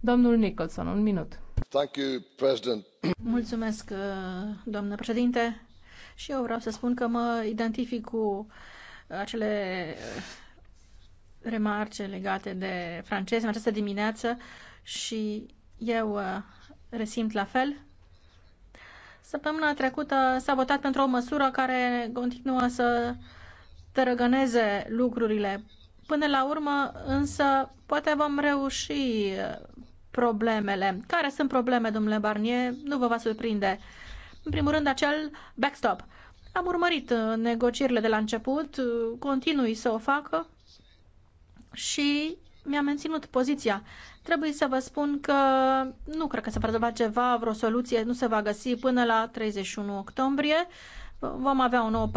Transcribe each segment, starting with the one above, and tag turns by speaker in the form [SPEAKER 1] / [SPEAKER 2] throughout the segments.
[SPEAKER 1] Domnul Nicholson, un minut. Thank you, President. Mulțumesc, uh, doamnă președinte. Și eu vreau să spun că mă identific cu acele remarce legate de francezi în această dimineață și eu uh, resimt la fel. Săptămâna trecută s-a votat pentru o măsură care continuă să tărăgăneze lucrurile. Până la urmă, însă, poate vom reuși uh, problemele. Care sunt probleme, domnule Barnier? Nu vă va surprinde. În primul rând, acel backstop. Am urmărit uh, negocierile de la început, uh, continui să o facă și mi-a menținut poziția. Trebuie să vă spun că nu cred că se va rezolva ceva, vreo soluție nu se va găsi până la 31 octombrie. Vom avea o nouă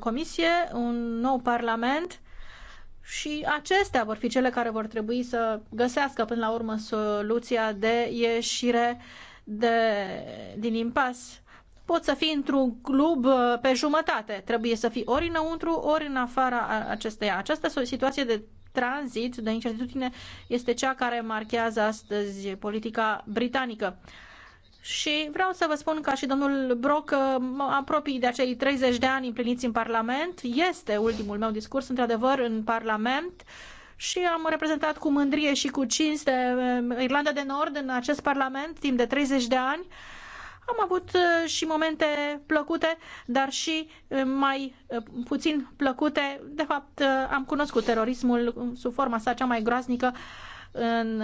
[SPEAKER 1] comisie, un nou parlament și acestea vor fi cele care vor trebui să găsească până la urmă soluția de ieșire de, din impas. Poți să fii într-un club uh, pe jumătate. Trebuie să fii ori înăuntru, ori în afara acesteia. Această situație de tranzit, de incertitudine, este cea care marchează astăzi politica britanică și vreau să vă spun ca și domnul Broc, mă apropii de acei 30 de ani împliniți în Parlament. Este ultimul meu discurs, într-adevăr, în Parlament și am reprezentat cu mândrie și cu cinste um, Irlanda de Nord în acest Parlament timp de 30 de ani. Am avut uh, și momente plăcute, dar și uh, mai uh, puțin plăcute. De fapt, am cunoscut terorismul sub forma sa cea mai groaznică în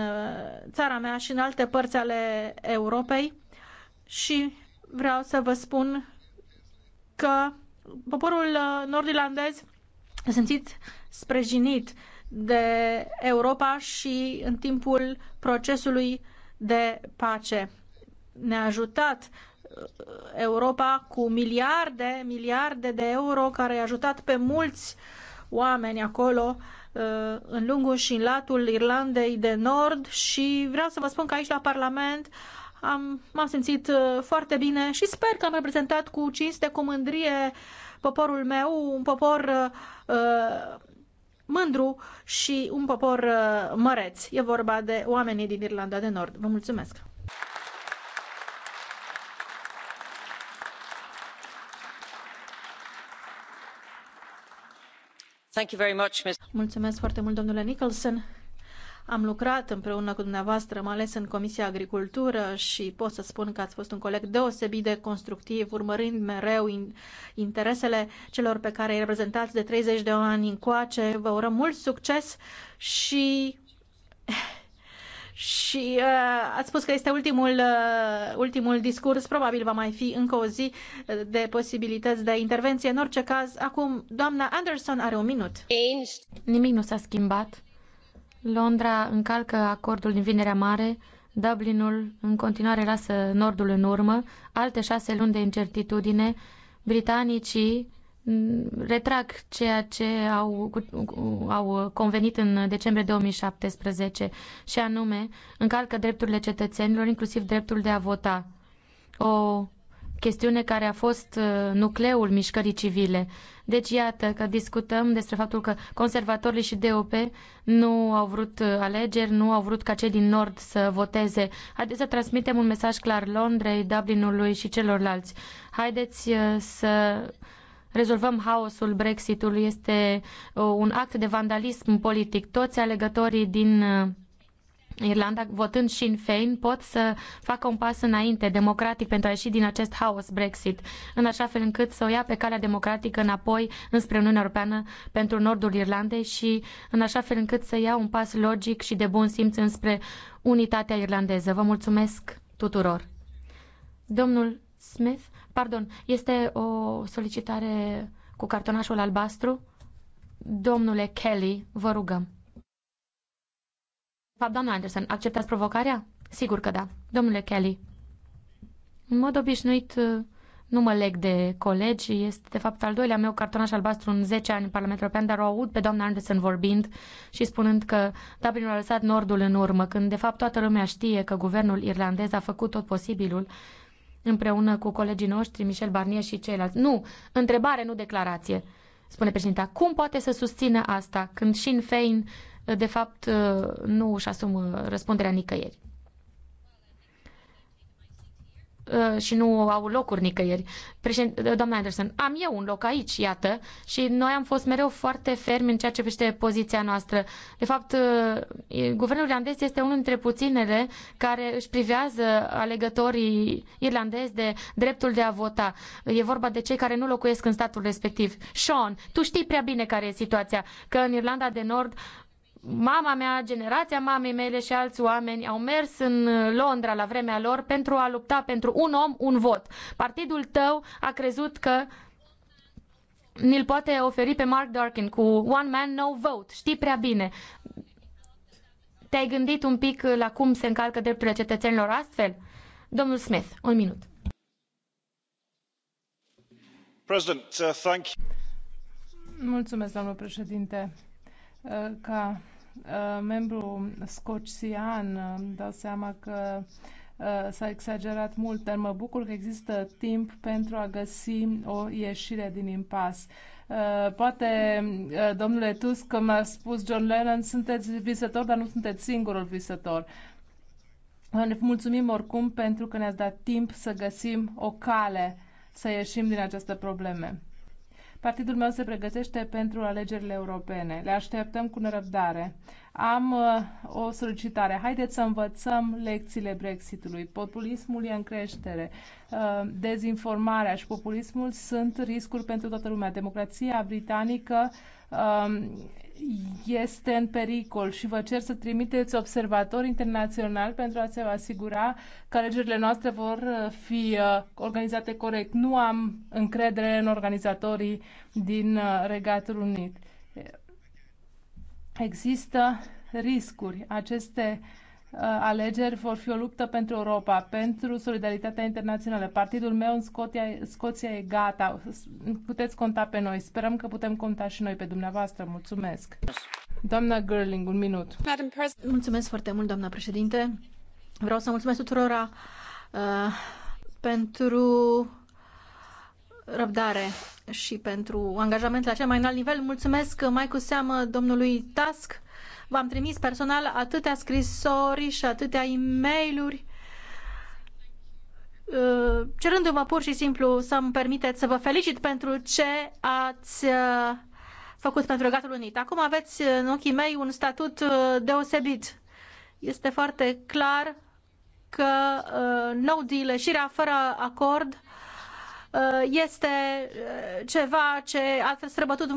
[SPEAKER 1] țara mea și în alte părți ale Europei și vreau să vă spun că poporul uh, nord-irlandez a simțit sprijinit de Europa și în timpul procesului de pace. Ne-a ajutat uh, Europa cu miliarde, miliarde de euro care i-a ajutat pe mulți oameni acolo uh, în lungul și în latul Irlandei de Nord și vreau să vă spun că aici la Parlament am, m-am simțit uh, foarte bine și sper că am reprezentat cu cinste, cu mândrie poporul meu, un popor uh, uh, mândru și un popor uh, măreț. E vorba de oamenii din Irlanda de Nord. Vă mulțumesc! Thank you very much, Ms. Mulțumesc foarte mult, domnule Nicholson. Am lucrat împreună cu dumneavoastră, mai ales în Comisia Agricultură și pot să spun că ați fost un coleg deosebit de constructiv, urmărind mereu interesele celor pe care îi reprezentați de 30 de ani încoace. Vă urăm mult succes și și uh, ați spus că este ultimul, uh, ultimul discurs, probabil va mai fi încă o zi uh, de posibilități de intervenție. În orice caz, acum doamna Anderson are un minut.
[SPEAKER 2] Nimic nu s-a schimbat Londra încalcă acordul din Vinerea Mare, Dublinul în continuare lasă Nordul în urmă, alte șase luni de incertitudine, britanicii mm, retrag ceea ce au, au convenit în decembrie 2017 și anume încalcă drepturile cetățenilor, inclusiv dreptul de a vota. O chestiune care a fost uh, nucleul mișcării civile. Deci iată că discutăm despre faptul că conservatorii și DOP nu au vrut uh, alegeri, nu au vrut ca cei din Nord să voteze. Haideți să transmitem un mesaj clar Londrei, Dublinului și celorlalți. Haideți uh, să rezolvăm haosul Brexitului. Este un act de vandalism politic. Toți alegătorii din Irlanda, votând Sinn Féin, pot să facă un pas înainte, democratic, pentru a ieși din acest haos Brexit, în așa fel încât să o ia pe calea democratică înapoi înspre Uniunea Europeană pentru nordul Irlandei și în așa fel încât să ia un pas logic și de bun simț înspre unitatea irlandeză. Vă mulțumesc tuturor! Domnul Smith, pardon, este o solicitare cu cartonașul albastru? Domnule Kelly, vă rugăm fapt, doamna Anderson, acceptați provocarea? Sigur că da. Domnule Kelly, în mod obișnuit uh, nu mă leg de colegi, este de fapt al doilea meu cartonaș albastru în 10 ani în Parlamentul European, dar o aud pe doamna Anderson vorbind și spunând că Dublinul a lăsat Nordul în urmă, când de fapt toată lumea știe că guvernul irlandez a făcut tot posibilul împreună cu colegii noștri, Michel Barnier și ceilalți. Nu, întrebare, nu declarație, spune președinta. Cum poate să susțină asta când Sinn Fein de fapt, nu își asumă răspunderea nicăieri și nu au locuri nicăieri. doamna Anderson, am eu un loc aici, iată, și noi am fost mereu foarte fermi în ceea ce privește poziția noastră. De fapt, guvernul irlandez este unul dintre puținele care își privează alegătorii irlandezi de dreptul de a vota. E vorba de cei care nu locuiesc în statul respectiv. Sean, tu știi prea bine care e situația, că în Irlanda de Nord mama mea, generația mamei mele și alți oameni au mers în Londra la vremea lor pentru a lupta pentru un om, un vot. Partidul tău a crezut că ni-l poate oferi pe Mark Durkin cu One Man, No Vote. Știi prea bine. Te-ai gândit un pic la cum se încalcă drepturile cetățenilor astfel? Domnul Smith, un minut.
[SPEAKER 1] President, uh, thank you.
[SPEAKER 3] Mulțumesc, domnul președinte. Uh, ca uh, membru scoțian dau seama că uh, s-a exagerat mult, dar mă bucur că există timp pentru a găsi o ieșire din impas. Poate, domnule Tusk, cum a spus John Lennon, sunteți visător, dar nu sunteți singurul visător. Ne mulțumim oricum pentru că ne-ați dat timp să găsim o cale să ieșim din această probleme. Partidul meu se pregătește pentru alegerile europene. Le așteptăm cu nerăbdare. Am uh, o solicitare. Haideți să învățăm lecțiile Brexitului. Populismul e în creștere. Uh, dezinformarea și populismul sunt riscuri pentru toată lumea. Democrația britanică uh, este în pericol și vă cer să trimiteți observatori internaționali pentru a se asigura că alegerile noastre vor uh, fi uh, organizate corect. Nu am încredere în organizatorii din uh, Regatul Unit. Există riscuri. Aceste uh, Uh, alegeri vor fi o luptă pentru Europa, pentru solidaritatea internațională. Partidul meu în Scoția, Scoția e gata. Puteți conta pe noi. Sperăm că putem conta și noi pe dumneavoastră. Mulțumesc. Doamna Gerling, un minut. Mulțumesc foarte mult, doamna președinte.
[SPEAKER 1] Vreau să mulțumesc tuturora uh, pentru răbdare și pentru angajament la cel mai înalt nivel. Mulțumesc mai cu seamă domnului Task V-am trimis personal atâtea scrisori și atâtea e mail uh, cerându-vă pur și simplu să-mi permiteți să vă felicit pentru ce ați uh, făcut pentru Regatul Unit. Acum aveți în ochii mei un statut uh, deosebit. Este foarte clar că no deal, ieșirea fără acord Uh, este uh, ceva ce a străbătut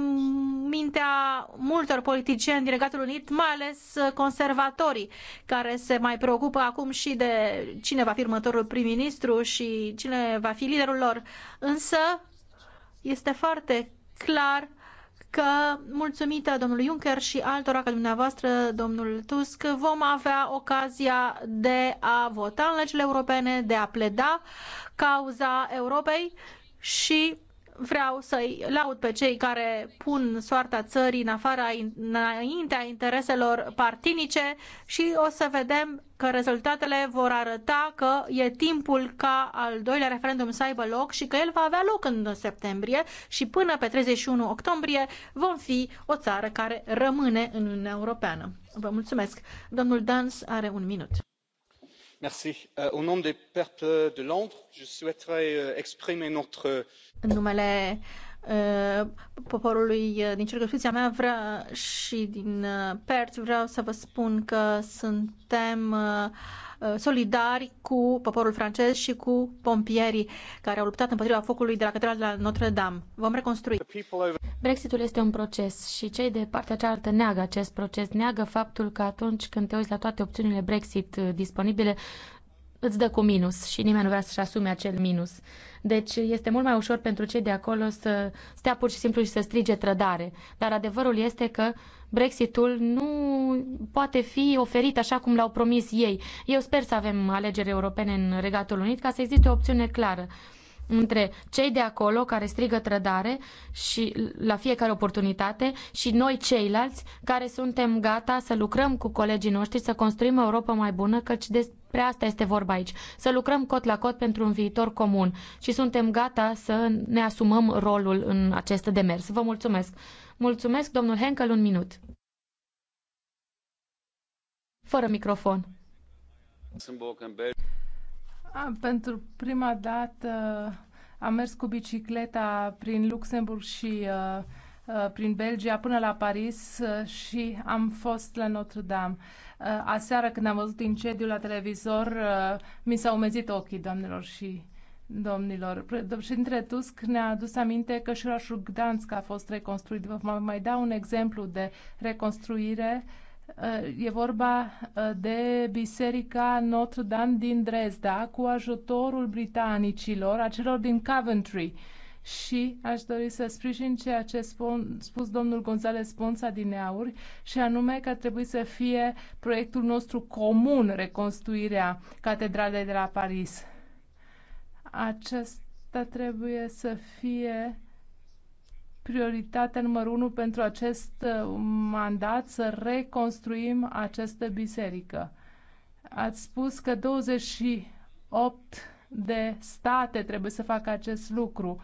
[SPEAKER 1] mintea multor politicieni din Regatul Unit, mai ales uh, conservatorii, care se mai preocupă acum și de cine va fi următorul prim-ministru și cine va fi liderul lor. Însă este foarte clar uh, că, mulțumită domnului Juncker și altora ca dumneavoastră, domnul Tusk, vom avea ocazia de a vota în legile europene, de a pleda cauza Europei și vreau să-i laud pe cei care pun soarta țării în afara, înaintea intereselor partinice și o să vedem că rezultatele vor arăta că e timpul ca al doilea referendum să aibă loc și că el va avea loc în septembrie și până pe 31 octombrie vom fi o țară care rămâne în Uniunea Europeană. Vă mulțumesc. Domnul Dans are un minut în numele euh, poporului euh, din circumscripția mea și din euh, Perth vreau să vă spun că suntem Uh, solidari cu poporul francez și cu pompierii care au luptat împotriva
[SPEAKER 2] focului de la catedrala de la Notre-Dame. Vom reconstrui. Brexitul este un proces și cei de partea cealaltă neagă acest proces, neagă faptul că atunci când te uiți la toate opțiunile Brexit uh, disponibile, îți dă cu minus și nimeni nu vrea să-și asume acel minus. Deci este mult mai ușor pentru cei de acolo să stea pur și simplu și să strige trădare. Dar adevărul este că Brexitul nu poate fi oferit așa cum l-au promis ei. Eu sper să avem alegeri europene în Regatul Unit ca să existe o opțiune clară între cei de acolo care strigă trădare și la fiecare oportunitate și noi ceilalți care suntem gata să lucrăm cu colegii noștri, să construim Europa mai bună, căci despre asta este vorba aici. Să lucrăm cot la cot pentru un viitor comun și suntem gata să ne asumăm rolul în acest demers. Vă mulțumesc! Mulțumesc, domnul Henkel,
[SPEAKER 3] un minut. Fără microfon pentru prima dată am mers cu bicicleta prin Luxemburg și uh, uh prin Belgia până la Paris uh, și am fost la Notre-Dame. Uh, aseară când am văzut incendiul la televizor, mi s-au umezit ochii, doamnelor și domnilor. Președintele Tusk ne-a adus aminte că și orașul Gdansk a fost reconstruit. Vă mai dau un exemplu de reconstruire uh, Eh, e vorba eh, de Biserica Notre-Dame din Dresda cu ajutorul britanicilor, acelor din Coventry. Și aș dori să sprijin ceea ce spun, spus domnul González Ponța din Neauri, și anume că trebuie să fie proiectul nostru comun reconstruirea Catedralei de la Paris. Acesta trebuie să fie prioritatea numărul unu pentru acest uh, mandat să reconstruim această biserică. Ați spus că 28 de state trebuie să facă acest lucru.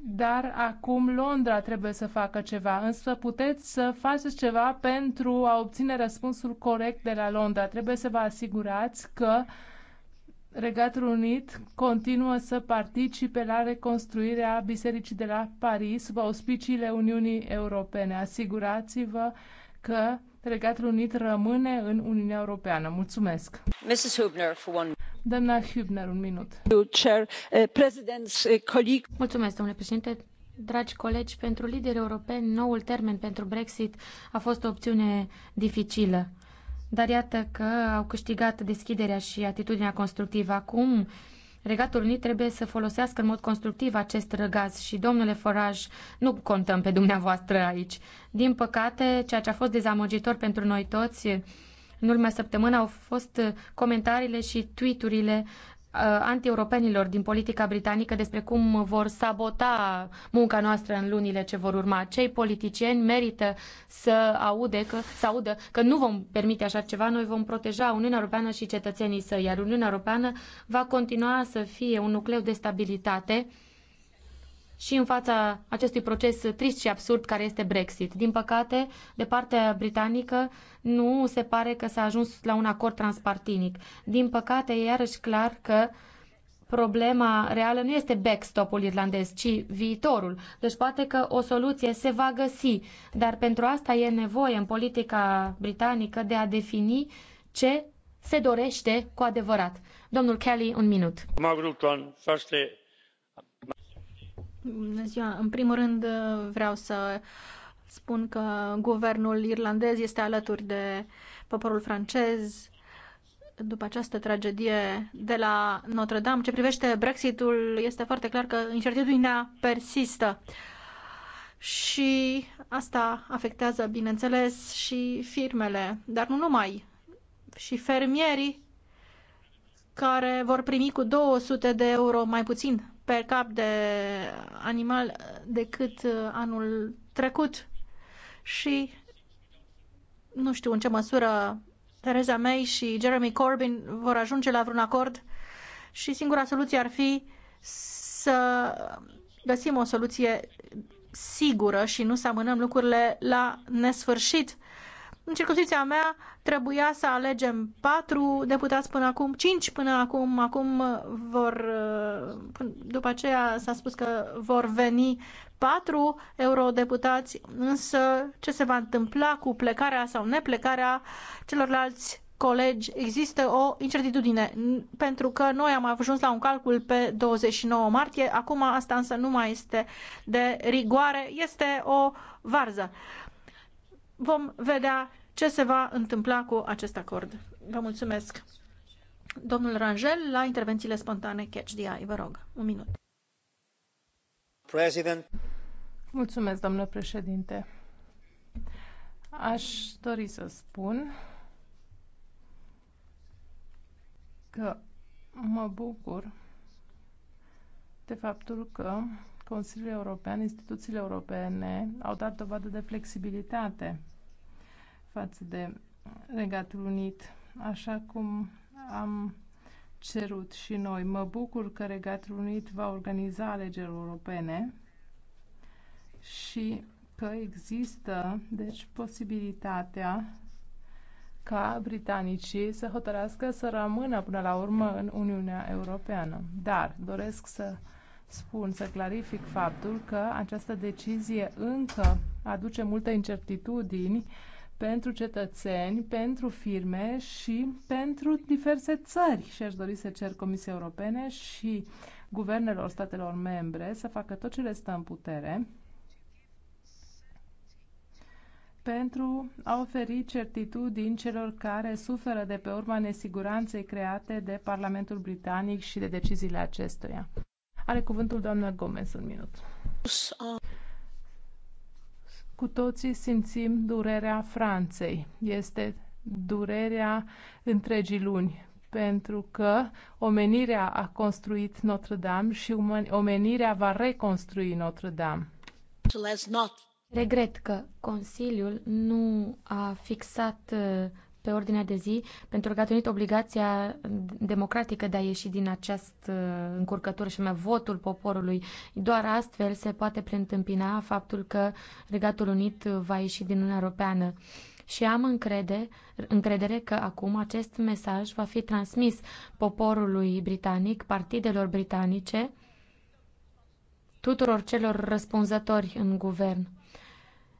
[SPEAKER 3] Dar acum Londra trebuie să facă ceva, însă puteți să faceți ceva pentru a obține răspunsul corect de la Londra. Trebuie să vă asigurați că uh, Regatul Unit continuă să participe la reconstruirea Bisericii de la Paris sub auspiciile Uniunii Europene. Asigurați-vă că Regatul Unit rămâne în Uniunea Europeană. Mulțumesc! Mrs. Hubner, for one... Doamna Hübner, un minut. Uh, uh,
[SPEAKER 2] Mulțumesc, domnule președinte. Dragi colegi, pentru lideri europeni, noul termen pentru Brexit a fost o opțiune dificilă dar iată că au câștigat deschiderea și atitudinea constructivă. Acum, Regatul Unit trebuie să folosească în mod constructiv acest răgaz și, domnule Foraj, nu contăm pe dumneavoastră aici. Din păcate, ceea ce a fost dezamăgitor pentru noi toți în ultima săptămână au fost comentariile și tweet-urile Uh, antieuropenilor din politica britanică despre cum vor sabota munca noastră în lunile ce vor urma. Cei politicieni merită să, aude că, să audă că nu vom permite așa ceva, noi vom proteja Uniunea Europeană și cetățenii săi, iar Uniunea Europeană va continua să fie un nucleu de stabilitate și în fața acestui proces trist și absurd care este Brexit. Din păcate, de partea britanică nu se pare că s-a ajuns la un acord transpartinic. Din păcate, e iarăși clar că problema reală nu este backstop-ul irlandez, ci viitorul. Deci poate că o soluție se va găsi, dar pentru asta e nevoie în politica britanică de a defini ce se dorește cu adevărat. Domnul Kelly, un minut. Bună ziua! În primul rând uh, vreau să
[SPEAKER 1] spun că guvernul irlandez este alături de poporul francez după această tragedie de la Notre-Dame. Ce privește Brexitul, este foarte clar că incertitudinea persistă și asta afectează, bineînțeles, și firmele, dar nu numai, și fermierii care vor primi cu 200 de euro mai puțin pe cap de animal decât uh, anul trecut. Și nu știu în ce măsură Theresa May și Jeremy Corbyn vor ajunge la vreun acord și singura soluție ar fi să găsim o soluție sigură și nu să amânăm lucrurile la nesfârșit. În circunscripția mea trebuia să alegem patru deputați până acum, cinci până acum, acum uh, vor, uh, după aceea s-a spus că vor veni patru eurodeputați, însă ce se va întâmpla cu plecarea sau neplecarea celorlalți colegi, există o incertitudine, pentru că noi am ajuns la un calcul pe 29 martie, acum asta însă nu mai este de rigoare, este o varză. Vom vedea ce se va întâmpla cu acest acord. Vă mulțumesc. Domnul Rangel, la intervențiile spontane Catch the Eye, vă rog, un minut. President.
[SPEAKER 3] Mulțumesc, domnule președinte. Aș dori să spun că mă bucur de faptul că Consiliul European, instituțiile europene au dat dovadă de flexibilitate față de Regatul Unit, așa cum am cerut și noi. Mă bucur că Regatul Unit va organiza alegeri europene și că există, deci, posibilitatea ca britanicii să hotărească să rămână până la urmă în Uniunea Europeană. Dar doresc să spun, să clarific faptul că această decizie încă aduce multe incertitudini pentru cetățeni, pentru firme și pentru diverse țări. Și aș dori să cer Comisiei Europene și guvernelor statelor membre să facă tot ce le stă în putere pentru a oferi certitudini celor care suferă de pe urma nesiguranței create de Parlamentul Britanic și de deciziile acestuia. Are cuvântul doamna Gomez un minut. Cu toții simțim durerea Franței. Este durerea întregii luni, pentru că omenirea a construit Notre-Dame și omenirea va reconstrui Notre-Dame. Regret
[SPEAKER 2] că Consiliul nu a fixat uh, pe ordinea de zi pentru că a tenit obligația democratică de a ieși din această uh, încurcătură și mai votul poporului. Doar astfel se poate preîntâmpina faptul că Regatul Unit va ieși din Uniunea Europeană și am încrede, încredere că acum acest mesaj va fi transmis poporului britanic, partidelor britanice, tuturor celor răspunzători în guvern.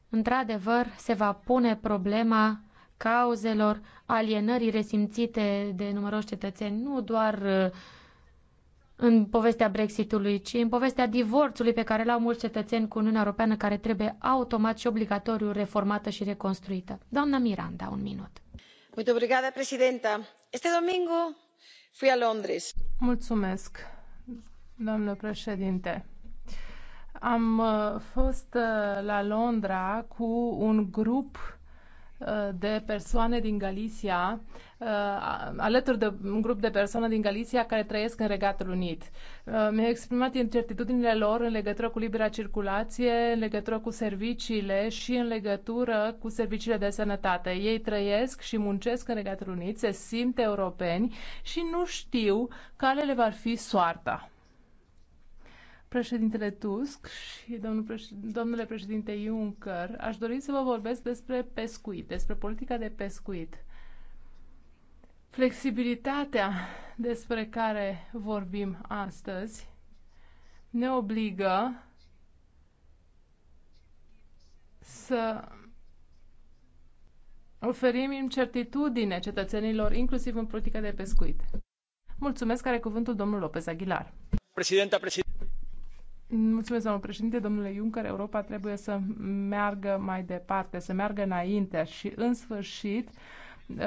[SPEAKER 2] Într-adevăr, se va pune problema cauzelor alienării resimțite de numeroși cetățeni, nu doar uh, în povestea Brexitului, ci în povestea divorțului pe care l-au mulți cetățeni cu Uniunea Europeană, care trebuie automat și obligatoriu reformată și reconstruită. Doamna Miranda, un minut.
[SPEAKER 1] Muito obrigada, presidenta.
[SPEAKER 3] Este domingo fui a Londres. Mulțumesc, domnule președinte. Am uh, fost uh, la Londra cu un grup de persoane din Galicia, uh, alături de un grup de persoane din Galicia care trăiesc în Regatul Unit. Uh, mi-au exprimat incertitudinile lor în legătură cu libera circulație, în legătură cu serviciile și în legătură cu serviciile de sănătate. Ei trăiesc și muncesc în Regatul Unit, se simt europeni și nu știu care le va fi soarta președintele Tusk și domnul președ... domnule președinte Juncker, aș dori să vă vorbesc despre pescuit, despre politica de pescuit. Flexibilitatea despre care vorbim astăzi ne obligă să oferim incertitudine cetățenilor, inclusiv în politica de pescuit. Mulțumesc, are cuvântul domnul Lopez Aguilar. Președinta, președinte Mulțumesc, domnul președinte. Domnule Juncker, Europa trebuie să meargă mai departe, să meargă înainte și, în sfârșit, uh,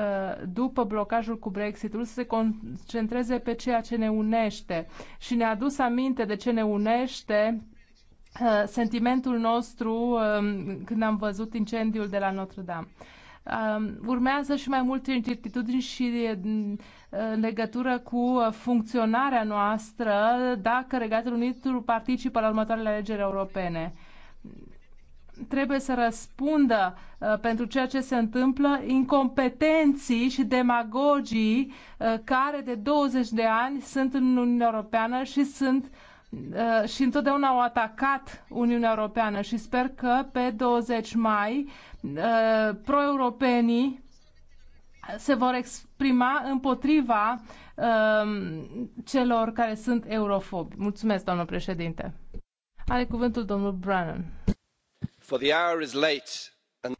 [SPEAKER 3] după blocajul cu Brexitul, să se concentreze pe ceea ce ne unește. Și ne-a adus aminte de ce ne unește uh, sentimentul nostru um, când am văzut incendiul de la Notre Dame um, urmează și mai multe incertitudini și uh, în legătură cu funcționarea noastră dacă Regatul Unit participă la următoarele alegeri europene trebuie să răspundă uh, pentru ceea ce se întâmplă incompetenții și demagogii uh, care de 20 de ani sunt în Uniunea Europeană și sunt uh, și întotdeauna au atacat Uniunea Europeană și sper că pe 20 mai pro-europenii se vor exprima împotriva um, celor care sunt eurofobi. Mulțumesc, domnul președinte. Are cuvântul domnul Brannan. For the hour is late and...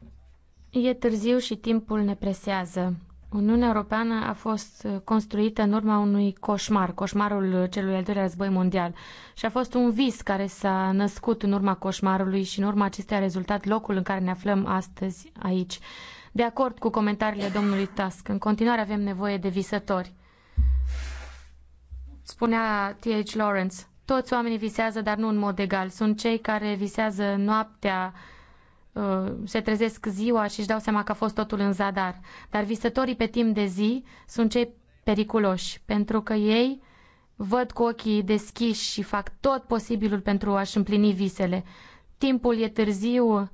[SPEAKER 2] E târziu și timpul ne presează. Uniunea Europeană a fost uh, construită în urma unui coșmar, coșmarul celui al doilea război mondial. Și a fost un vis care s-a născut în urma coșmarului și în urma acesteia a rezultat locul în care ne aflăm astăzi aici de acord cu comentariile domnului Tusk. În continuare avem nevoie de visători. Spunea T.H. Lawrence, toți oamenii visează, dar nu în mod egal. Sunt cei care visează noaptea, uh, se trezesc ziua și își dau seama că a fost totul în zadar. Dar visătorii pe timp de zi sunt cei periculoși, pentru că ei văd cu ochii deschiși și fac tot posibilul pentru a-și împlini visele. Timpul e târziu,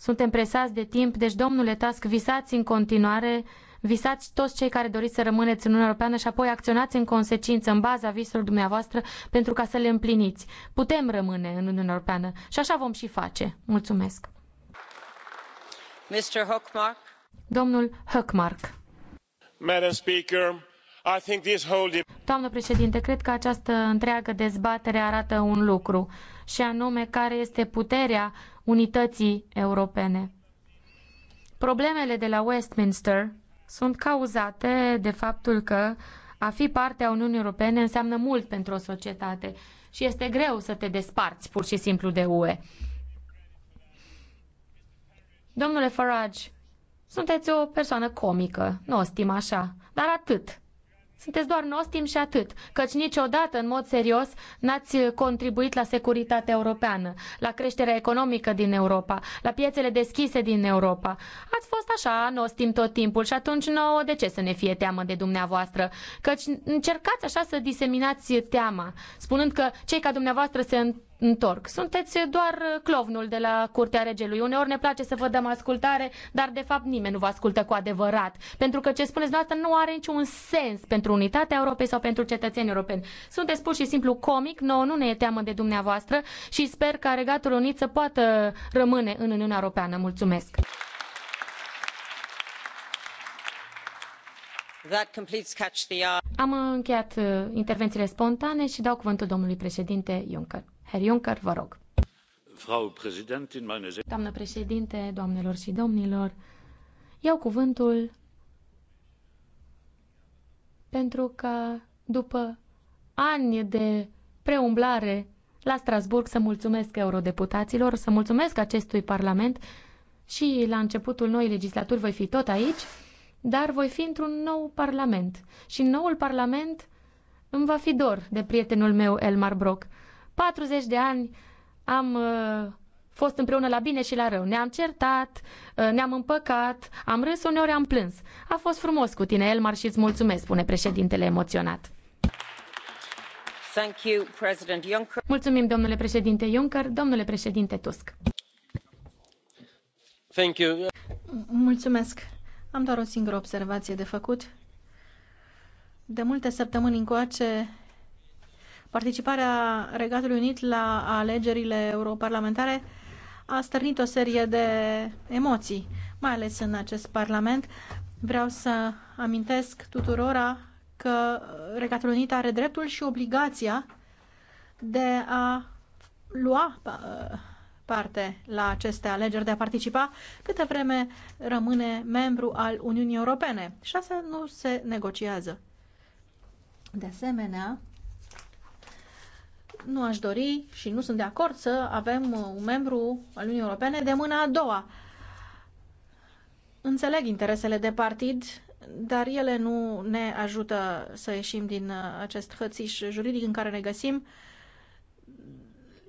[SPEAKER 2] suntem presați de timp, deci, domnule Tusk, visați în continuare, visați toți cei care doriți să rămâneți în Uniunea Europeană și apoi acționați în consecință, în baza visurilor dumneavoastră, pentru ca să le împliniți. Putem rămâne în Uniunea Europeană și așa vom și face. Mulțumesc.
[SPEAKER 1] Mr. Huckmark.
[SPEAKER 2] Domnul Hökmark.
[SPEAKER 1] Madam Speaker, I think this whole...
[SPEAKER 2] Doamnă președinte, cred că această întreagă dezbatere arată un lucru, și anume care este puterea unității europene. Problemele de la Westminster sunt cauzate de faptul că a fi parte a Uniunii Europene înseamnă mult pentru o societate și este greu să te desparți pur și simplu de UE. Domnule Farage, sunteți o persoană comică, nu o stim așa, dar atât. Sunteți doar nostim și atât, căci niciodată, în mod serios, n-ați contribuit la securitatea europeană, la creșterea economică din Europa, la piețele deschise din Europa. Ați fost așa nostim tot timpul și atunci nouă de ce să ne fie teamă de dumneavoastră? Căci încercați așa să diseminați teama, spunând că cei ca dumneavoastră se întorc. Sunteți doar uh, clovnul de la curtea regelui. Uneori ne place să vă dăm ascultare, dar de fapt nimeni nu vă ascultă cu adevărat. Pentru că ce spuneți dumneavoastră nu are niciun sens pentru unitatea Europei sau pentru cetățenii europeni. Sunteți pur și simplu comic, nouă nu ne e teamă de dumneavoastră și sper ca Regatul Unit să poată rămâne în Uniunea Europeană. Mulțumesc! That completes catch the... Am încheiat uh, intervențiile spontane și dau cuvântul domnului președinte Juncker. Herr Juncker, vă rog. Doamnă președinte, doamnelor și domnilor, iau cuvântul pentru că după ani de preumblare la Strasburg să mulțumesc eurodeputaților, să mulțumesc acestui parlament și la începutul noii legislaturi voi fi tot aici, dar voi fi într-un nou parlament și noul parlament îmi va fi dor de prietenul meu Elmar Brock. 40 de ani am uh, fost împreună la bine și la rău. Ne-am certat, uh, ne-am împăcat, am râs, uneori am plâns. A fost frumos cu tine, Elmar, și îți mulțumesc, spune președintele emoționat. Thank you, President Juncker. Mulțumim, domnule președinte Juncker, domnule președinte Tusk. Thank you. Mulțumesc. Am doar o singură observație de
[SPEAKER 1] făcut. De multe săptămâni încoace, Participarea Regatului Unit la alegerile europarlamentare a stârnit o serie de emoții, mai ales în acest Parlament. Vreau să amintesc tuturora că Regatul Unit are dreptul și obligația de a lua parte la aceste alegeri, de a participa câtă vreme rămâne membru al Uniunii Europene. Și asta nu se negociază. De asemenea, nu aș dori și nu sunt de acord să avem un membru al Uniunii Europene de mâna a doua. Înțeleg interesele de partid, dar ele nu ne ajută să ieșim din uh, acest hățiș juridic în care ne găsim.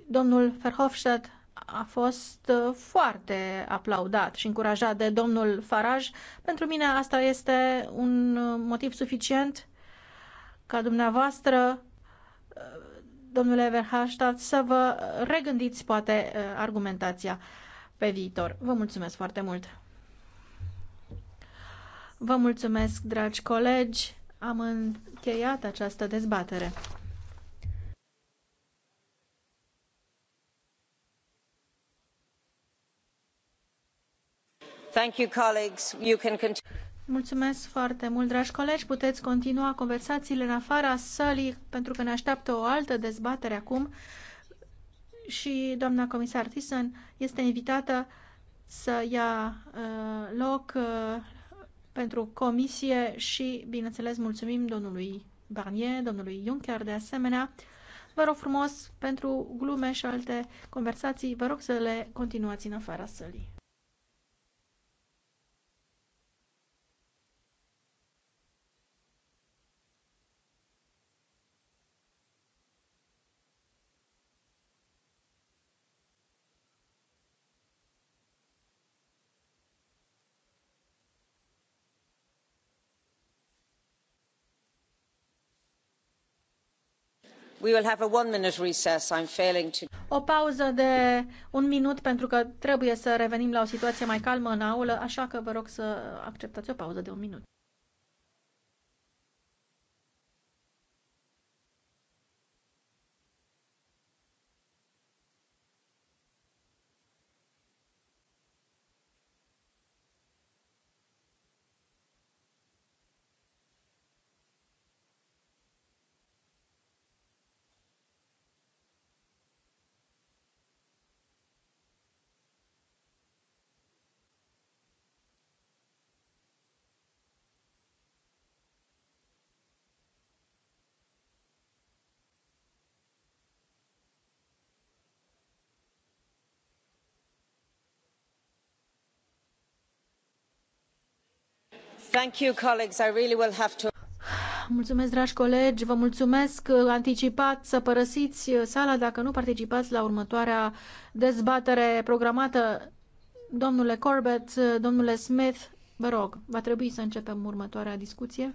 [SPEAKER 1] Domnul Verhofstadt a fost uh, foarte aplaudat și încurajat de domnul Faraj. Pentru mine asta este un uh, motiv suficient ca dumneavoastră domnule Verhaștat, să vă regândiți poate uh, argumentația pe viitor. Vă mulțumesc foarte mult! Vă mulțumesc, dragi colegi! Am încheiat această dezbatere. Thank you, colleagues. You can continue. Mulțumesc foarte mult, dragi colegi. Puteți continua conversațiile în afara sălii, pentru că ne așteaptă o altă dezbatere acum. Și doamna comisar Thyssen este invitată să ia uh, loc uh, pentru comisie și, bineînțeles, mulțumim domnului Barnier, domnului Juncker de asemenea. Vă rog frumos, pentru glume și alte conversații, vă rog să le continuați în afara sălii. O pauză de un minut pentru că trebuie să revenim la o situație mai calmă în aulă, așa că vă rog să acceptați o pauză de un minut. Mulțumesc, dragi colegi, vă mulțumesc anticipat să părăsiți sala dacă nu participați la următoarea dezbatere programată. Domnule Corbett, domnule Smith, vă rog, va trebui să începem următoarea discuție.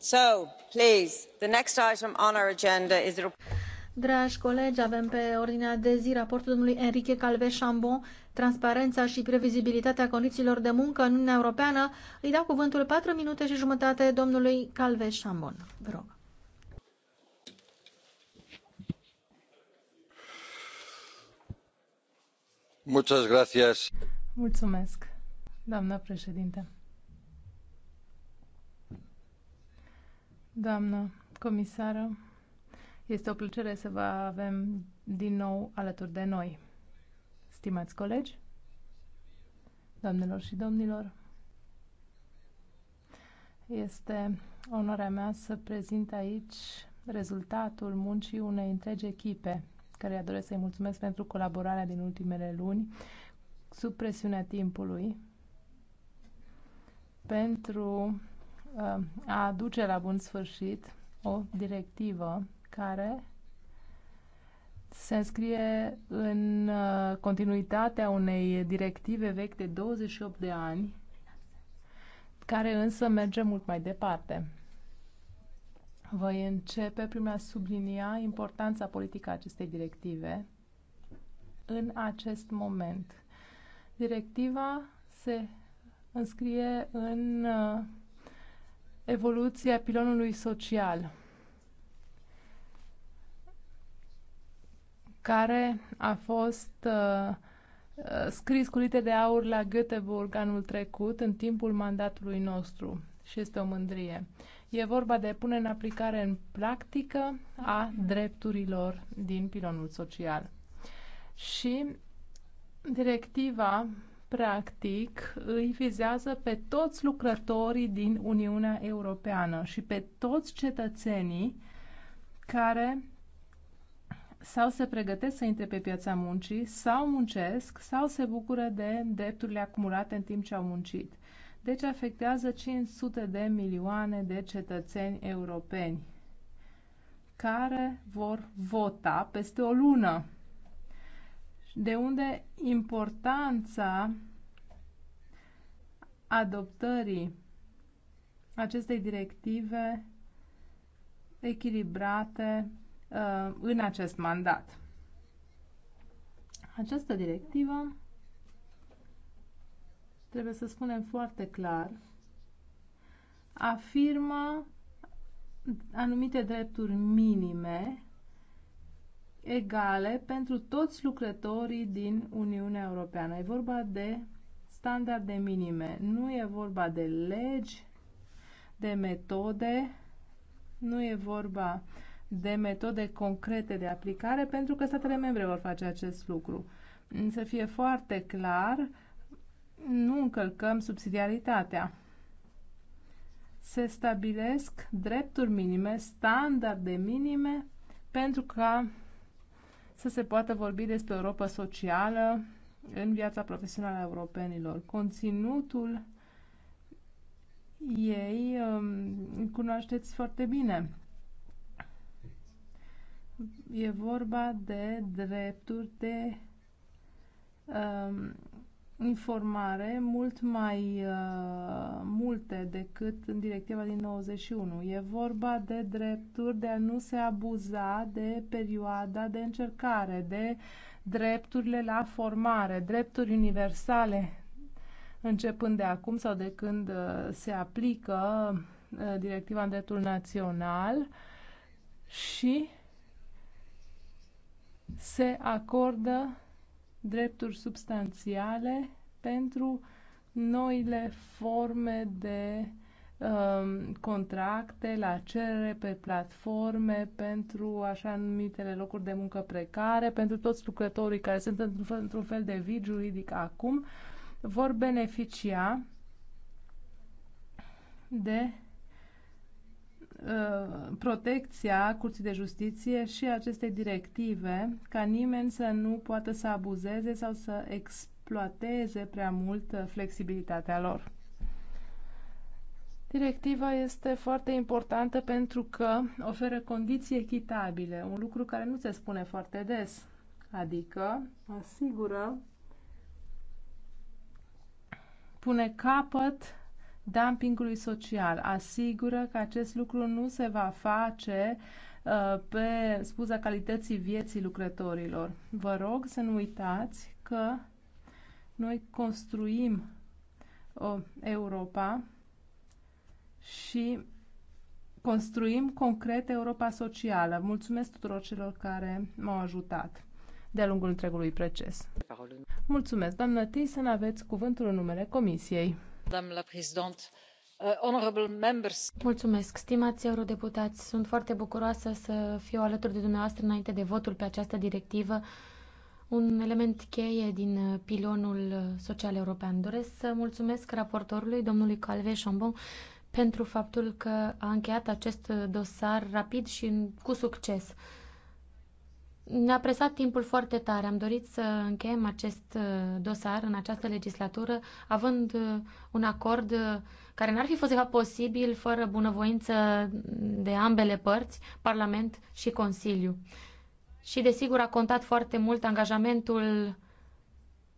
[SPEAKER 2] So, please, the next item on our agenda is the
[SPEAKER 1] Dragi colegi, avem pe ordinea de zi raportul domnului Enrique Calvé Chambon, transparența și previzibilitatea condițiilor de muncă în Uniunea Europeană. Îi dau cuvântul 4 minute și jumătate domnului Calvé
[SPEAKER 3] Chambon. Vă rog.
[SPEAKER 1] Muchas gracias.
[SPEAKER 3] Mulțumesc, doamna președinte. Doamnă comisară, este o plăcere să vă avem din nou alături de noi. Stimați colegi, doamnelor și domnilor, este onoarea mea să prezint aici rezultatul muncii unei întregi echipe, care doresc să-i mulțumesc pentru colaborarea din ultimele luni, sub presiunea timpului, pentru uh, a aduce la bun sfârșit o directivă care se înscrie în uh, continuitatea unei directive vechi de 28 de ani, care însă merge mult mai departe. Voi începe prin a sublinia importanța politică a acestei directive în acest moment. Directiva se înscrie în uh, evoluția pilonului social care a fost uh, scris cu lite de aur la Göteborg anul trecut, în timpul mandatului nostru. Și este o mândrie. E vorba de pune în aplicare în practică a drepturilor din pilonul social. Și directiva, practic, îi vizează pe toți lucrătorii din Uniunea Europeană și pe toți cetățenii care sau se pregătesc să intre pe piața muncii, sau muncesc, sau se bucură de drepturile acumulate în timp ce au muncit. Deci afectează 500 de milioane de cetățeni europeni care vor vota peste o lună. De unde importanța adoptării acestei directive echilibrate Uh, în acest mandat. Această directivă trebuie să spunem foarte clar, afirmă anumite drepturi minime egale pentru toți lucrătorii din Uniunea Europeană. E vorba de standarde minime, nu e vorba de legi, de metode, nu e vorba de metode concrete de aplicare, pentru că statele membre vor face acest lucru. Să fie foarte clar, nu încălcăm subsidiaritatea. Se stabilesc drepturi minime, standarde minime, pentru ca să se poată vorbi despre Europa socială în viața profesională a europenilor. Conținutul ei um, cunoașteți foarte bine E vorba de drepturi de um, informare mult mai uh, multe decât în directiva din 91. E vorba de drepturi de a nu se abuza de perioada de încercare, de drepturile la formare, drepturi universale începând de acum sau de când uh, se aplică uh, directiva în dreptul național și se acordă drepturi substanțiale pentru noile forme de um, contracte la cerere pe platforme pentru așa numitele locuri de muncă precare, pentru toți lucrătorii care sunt într-un fel, într fel de vid juridic acum, vor beneficia de Uh, protecția Curții de Justiție și acestei directive, ca nimeni să nu poată să abuzeze sau să exploateze prea mult uh, flexibilitatea lor. Directiva este foarte importantă pentru că oferă condiții echitabile, un lucru care nu se spune foarte des, adică asigură, pune capăt dumpingului social. Asigură că acest lucru nu se va face uh, pe spuza calității vieții lucrătorilor. Vă rog să nu uitați că noi construim o Europa și construim concret Europa socială. Mulțumesc tuturor celor care m-au ajutat de-a lungul întregului proces. Mulțumesc, doamnă Tisen, aveți cuvântul în numele Comisiei doamnă președintă
[SPEAKER 2] uh,
[SPEAKER 3] Mulțumesc, stimați
[SPEAKER 2] eurodeputați. Sunt foarte bucuroasă să fiu alături de dumneavoastră înainte de votul pe această directivă, un element cheie din pilonul social european. Doresc să mulțumesc raportorului, domnului Calve Chambon, pentru faptul că a încheiat acest dosar rapid și cu succes. Ne-a presat timpul foarte tare. Am dorit să încheiem acest uh, dosar în această legislatură, având uh, un acord uh, care n-ar fi fost, de fapt, posibil fără bunăvoință de ambele părți, Parlament și Consiliu. Și, desigur, a contat foarte mult angajamentul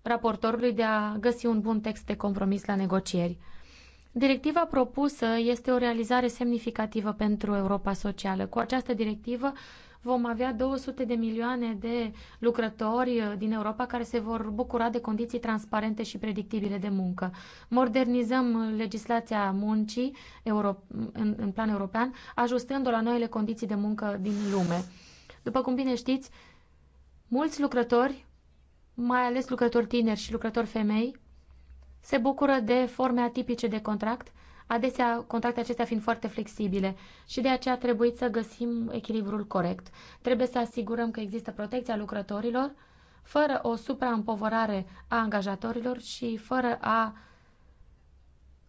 [SPEAKER 2] raportorului de a găsi un bun text de compromis la negocieri. Directiva propusă este o realizare semnificativă pentru Europa Socială. Cu această directivă vom avea 200 de milioane de lucrători uh, din Europa care se vor bucura de condiții transparente și predictibile de muncă. Modernizăm uh, legislația muncii euro, în, în plan european, ajustând-o la noile condiții de muncă din lume. După cum bine știți, mulți lucrători, mai ales lucrători tineri și lucrători femei, se bucură de forme atipice de contract, adesea contractele acestea fiind foarte flexibile și de aceea trebuie să găsim echilibrul corect. Trebuie să asigurăm că există protecția lucrătorilor fără o supraîmpovărare a angajatorilor și fără a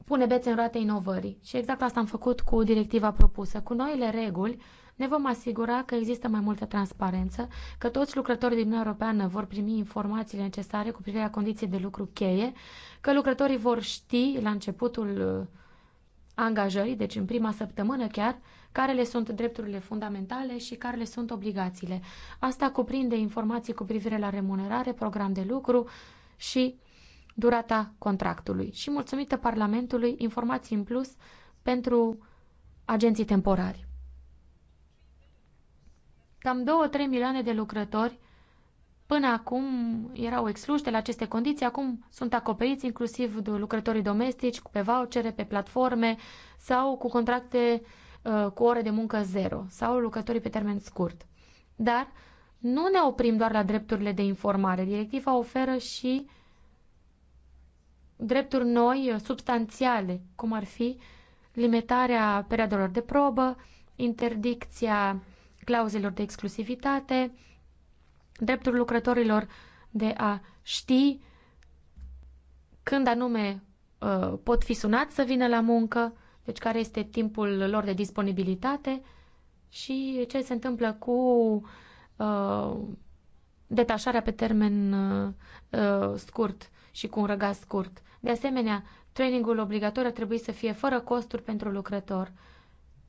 [SPEAKER 2] pune bețe în roate inovării. Și exact asta am făcut cu directiva propusă. Cu noile reguli ne vom asigura că există mai multă transparență, că toți lucrătorii din Uniunea Europeană vor primi informațiile necesare cu privire la condiții de lucru cheie, că lucrătorii vor ști la începutul angajării, deci în prima săptămână chiar, care le sunt drepturile fundamentale și care le sunt obligațiile. Asta cuprinde informații cu privire la remunerare, program de lucru și durata contractului. Și mulțumită Parlamentului, informații în plus pentru agenții temporari. Cam 2-3 milioane de lucrători Până acum erau excluși de la aceste condiții, acum sunt acoperiți inclusiv de lucrătorii domestici, pe vouchere, pe platforme sau cu contracte uh, cu ore de muncă zero sau lucrătorii pe termen scurt. Dar nu ne oprim doar la drepturile de informare. Directiva oferă și drepturi noi, uh, substanțiale, cum ar fi limitarea perioadelor de probă, interdicția clauzelor de exclusivitate, dreptul lucrătorilor de a ști când anume uh, pot fi sunați să vină la muncă, deci care este timpul lor de disponibilitate și ce se întâmplă cu uh, detașarea pe termen uh, uh, scurt și cu un răgaz scurt. De asemenea, trainingul obligatoriu ar trebui să fie fără costuri pentru lucrător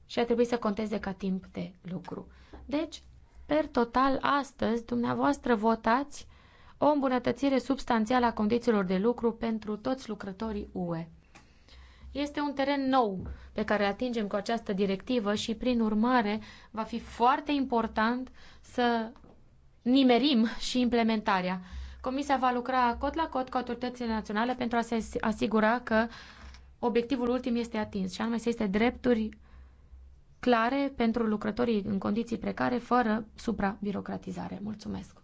[SPEAKER 2] și ar trebui să conteze ca timp de lucru. Deci, Per total, astăzi, dumneavoastră votați o îmbunătățire substanțială a condițiilor de lucru pentru toți lucrătorii UE. Este un teren nou pe care îl atingem cu această directivă și, prin urmare, va fi foarte important să nimerim și implementarea. Comisia va lucra cot la cot cu autoritățile naționale pentru a se asigura că obiectivul ultim este atins, și anume să este drepturi clare pentru lucrătorii în condiții precare, fără supra-birocratizare. Mulțumesc!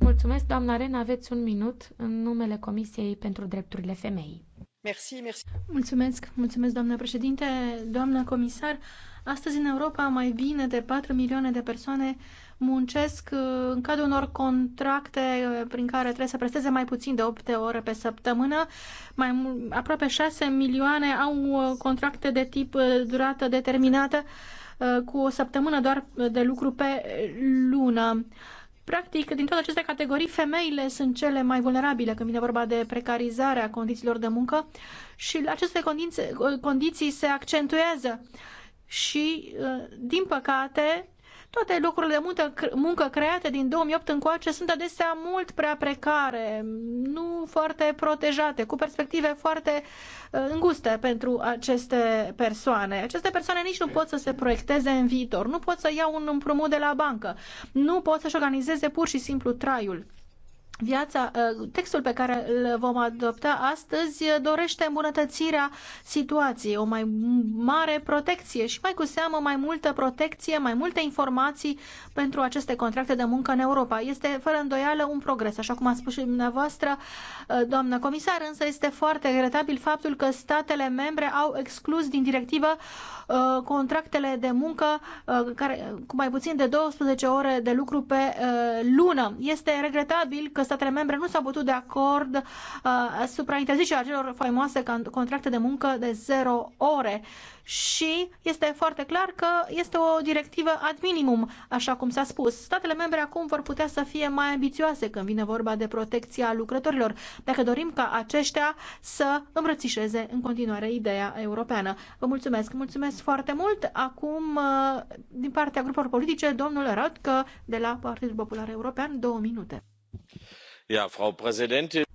[SPEAKER 2] Mulțumesc, doamna Ren, aveți un minut în numele Comisiei pentru Drepturile Femeii. Merci, merci. Mulțumesc, mulțumesc, doamna președinte, doamna
[SPEAKER 1] comisar. Astăzi în Europa mai bine de 4 milioane de persoane muncesc uh, în cadrul unor contracte uh, prin care trebuie să presteze mai puțin de 8 ore pe săptămână. Mai, aproape 6 milioane au uh, contracte de tip durată determinată cu o săptămână doar de lucru pe lună. Practic, din toate aceste categorii, femeile sunt cele mai vulnerabile când vine vorba de precarizarea condițiilor de muncă și aceste condiții, condiții se accentuează și, din păcate, toate lucrurile de muncă, muncă create din 2008 încoace sunt adesea mult prea precare, nu foarte protejate, cu perspective foarte uh, înguste pentru aceste persoane. Aceste persoane nici nu pot să se proiecteze în viitor, nu pot să iau un împrumut de la bancă, nu pot să-și organizeze pur și simplu traiul. Viața, ă, textul pe care îl vom adopta astăzi dorește îmbunătățirea situației, o mai mare protecție și mai cu seamă mai multă protecție, mai multe informații pentru aceste contracte de muncă în Europa. Este fără îndoială un progres, așa cum a spus și dumneavoastră, ă, doamnă comisar, însă este foarte regretabil faptul că statele membre au exclus din directivă Uh, contractele de muncă uh, care, cu mai puțin de 12 ore de lucru pe uh, lună. Este regretabil că statele membre nu s-au putut de acord asupra interzicerea acelor faimoase contracte de muncă de 0 ore și este foarte clar că este o directivă ad minimum, așa cum s-a spus. Statele membre acum vor putea să fie mai ambițioase când vine vorba de protecția lucrătorilor, dacă dorim ca aceștia să îmbrățișeze în continuare ideea europeană. Vă mulțumesc, mulțumesc foarte mult. Acum, uh, din partea grupurilor politice, domnul Radcă de la Partidul
[SPEAKER 2] Popular European, două minute.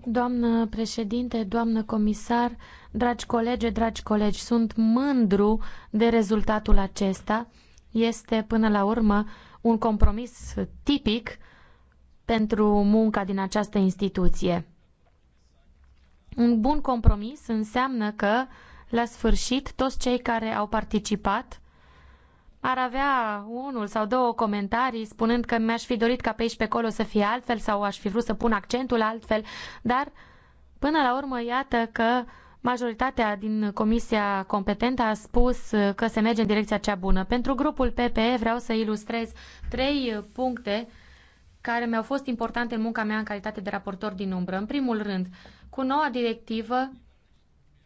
[SPEAKER 2] Doamnă președinte, doamnă comisar, dragi colegi, dragi colegi, sunt mândru de rezultatul acesta. Este, până la urmă, un compromis tipic pentru munca din această instituție. Un bun compromis înseamnă că, la sfârșit, toți cei care au participat ar avea unul sau două comentarii spunând că mi-aș fi dorit ca pe aici pe acolo să fie altfel sau aș fi vrut să pun accentul altfel, dar până la urmă iată că majoritatea din comisia competentă a spus că se merge în direcția cea bună. Pentru grupul PPE vreau să ilustrez trei puncte care mi-au fost importante în munca mea în calitate de raportor din umbră. În primul rând, cu noua directivă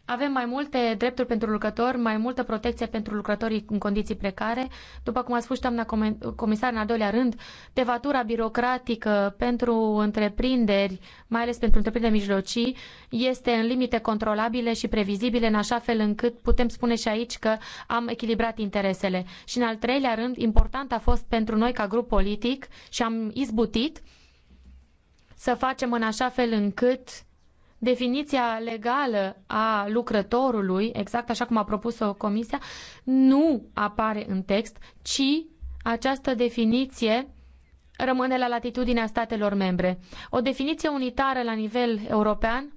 [SPEAKER 2] avem mai multe drepturi pentru lucrători, mai multă protecție pentru lucrătorii în condiții precare. După cum a spus doamna comisar în al doilea rând, devatura birocratică pentru întreprinderi, mai ales pentru întreprinderi mijlocii, este în limite controlabile și previzibile, în așa fel încât putem spune și aici că am echilibrat interesele. Și în al treilea rând, important a fost pentru noi ca grup politic și am izbutit să facem în așa fel încât definiția legală a lucrătorului, exact așa cum a propus-o Comisia, nu apare în text, ci această definiție rămâne la latitudinea statelor membre. O definiție unitară la nivel european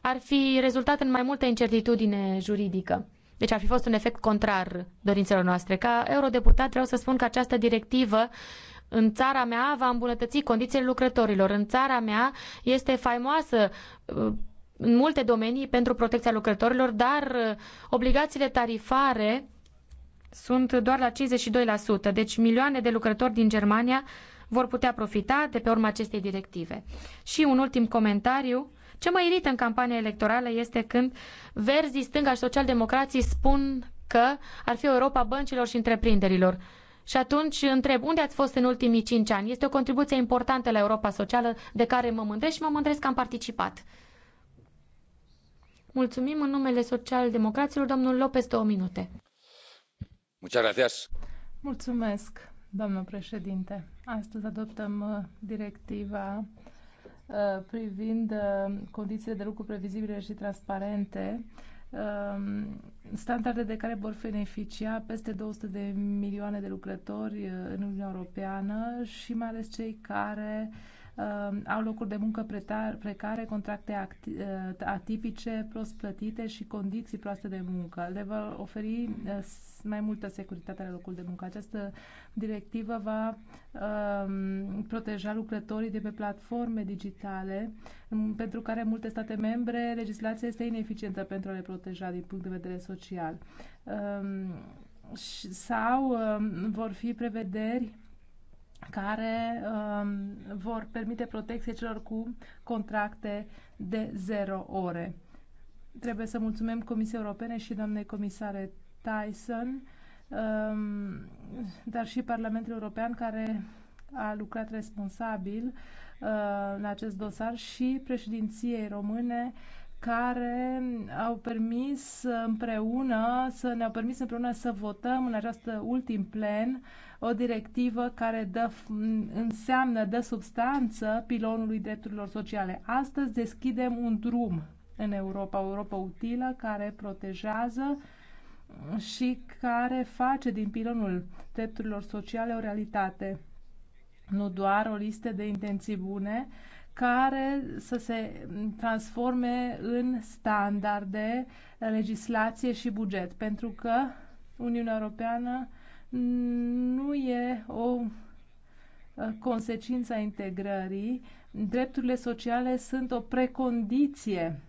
[SPEAKER 2] ar fi rezultat în mai multă incertitudine juridică. Deci ar fi fost un efect contrar dorințelor noastre. Ca eurodeputat vreau să spun că această directivă uh, în țara mea va îmbunătăți condițiile lucrătorilor. În țara mea este faimoasă uh, în multe domenii pentru protecția lucrătorilor, dar uh, obligațiile tarifare sunt doar la 52%. Deci milioane de lucrători din Germania vor putea profita de pe urma acestei directive. Și un ultim comentariu. Ce mă irită în campania electorală este când verzii, stânga și socialdemocrații spun că ar fi Europa băncilor și întreprinderilor. Și atunci întreb, unde ați fost în ultimii cinci ani? Este o contribuție importantă la Europa Socială de care mă mândresc și mă mândresc că am participat. Mulțumim în numele social-democraților, domnul Lopez, două minute.
[SPEAKER 3] Mulțumesc, doamnă președinte. Astăzi adoptăm uh, directiva uh, privind uh, condițiile de lucru previzibile și transparente Ehm, standarde de care vor beneficia peste 200 de milioane de lucrători eh, în Uniunea Europeană și mai ales cei care ehm, au locuri de muncă precare, contracte eh, atipice, prost plătite și condiții proaste de muncă. Le vor oferi eh, mai multă securitate la locul de muncă. Această directivă va um, proteja lucrătorii de pe platforme digitale, um, pentru care în multe state membre legislația este ineficientă pentru a le proteja din punct de vedere social. Um, sau um, vor fi prevederi care um, vor permite protecție celor cu contracte de zero ore. Trebuie să mulțumim Comisiei Europene și doamnei comisare Tyson, um, dar și Parlamentul European care a lucrat responsabil în uh, acest dosar și președinției române care au permis împreună să ne-au permis împreună să votăm în această ultim plen o directivă care dă, înseamnă, dă substanță pilonului drepturilor sociale. Astăzi deschidem un drum în Europa, o Europa utilă care protejează și care face din pilonul drepturilor sociale o realitate, nu doar o listă de intenții bune, care să se transforme în standarde, legislație și buget, pentru că Uniunea Europeană nu e o uh, consecință a integrării. Drepturile sociale sunt o precondiție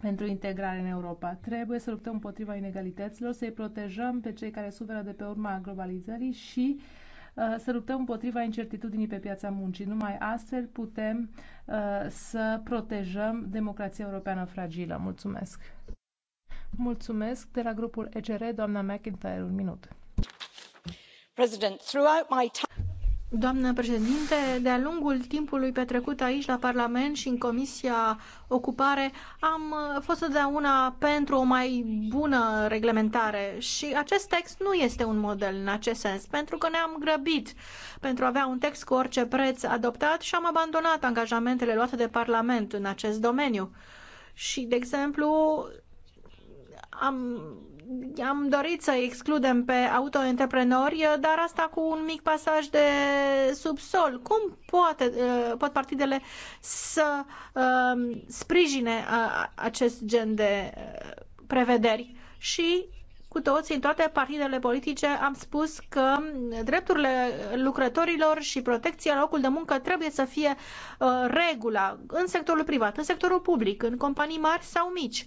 [SPEAKER 3] pentru integrare în Europa. Trebuie să luptăm împotriva inegalităților, să-i protejăm pe cei care suferă de pe urma globalizării și uh, să luptăm împotriva incertitudinii pe piața muncii. Numai astfel putem uh, să protejăm democrația europeană fragilă. Mulțumesc! Mulțumesc de la grupul ECR, doamna McIntyre, un minut.
[SPEAKER 1] President, throughout my
[SPEAKER 3] time... Doamnă președinte,
[SPEAKER 1] de-a lungul timpului petrecut aici la Parlament și în Comisia Ocupare, am uh, fost întotdeauna pentru o mai bună reglementare și acest text nu este un model în acest sens, pentru că ne-am grăbit pentru a avea un text cu orice preț adoptat și am abandonat angajamentele luate de Parlament în acest domeniu. Și, de exemplu, am am dorit să excludem pe autoantreprenori, eh, dar asta cu un mic pasaj de subsol. Cum poate, eh, pot partidele să eh, sprijine acest gen de prevederi? Și cu toții, în toate partidele politice, am spus că drepturile lucrătorilor și protecția locul de muncă trebuie să fie regula în sectorul privat, în sectorul public, în companii mari sau mici.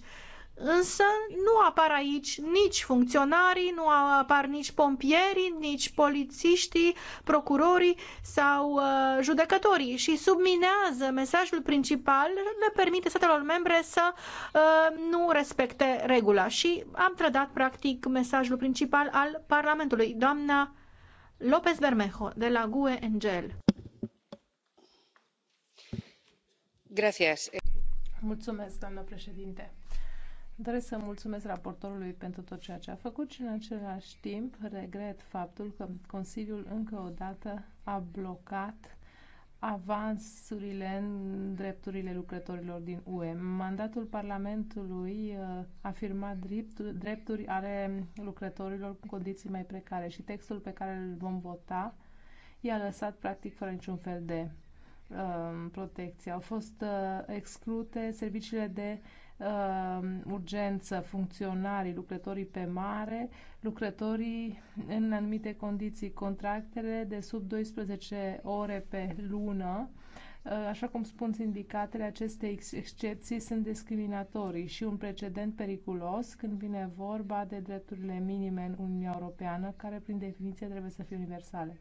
[SPEAKER 1] Însă nu apar aici nici funcționarii, nu apar nici pompierii, nici polițiștii, procurorii sau uh, judecătorii și subminează mesajul principal, le permite statelor membre să uh, nu respecte regula. Și am trădat practic mesajul principal al Parlamentului. Doamna López Bermejo, de la GUE Angel.
[SPEAKER 3] Mulțumesc, doamnă președinte Doresc să mulțumesc raportorului pentru tot ceea ce a făcut și în același timp regret faptul că Consiliul încă o dată a blocat avansurile în drepturile lucrătorilor din UE. Mandatul Parlamentului uh, afirma drepturi ale lucrătorilor cu condiții mai precare și textul pe care îl vom vota i-a lăsat practic fără niciun fel de uh, protecție. Au fost uh, exclute serviciile de Um, urgență funcționarii, lucrătorii pe mare, lucrătorii în anumite condiții, contractele de sub 12 ore pe lună. Uh, așa cum spun sindicatele, aceste excepții sunt discriminatorii și un precedent periculos când vine vorba de drepturile minime în Uniunea Europeană, care prin definiție trebuie să fie universale.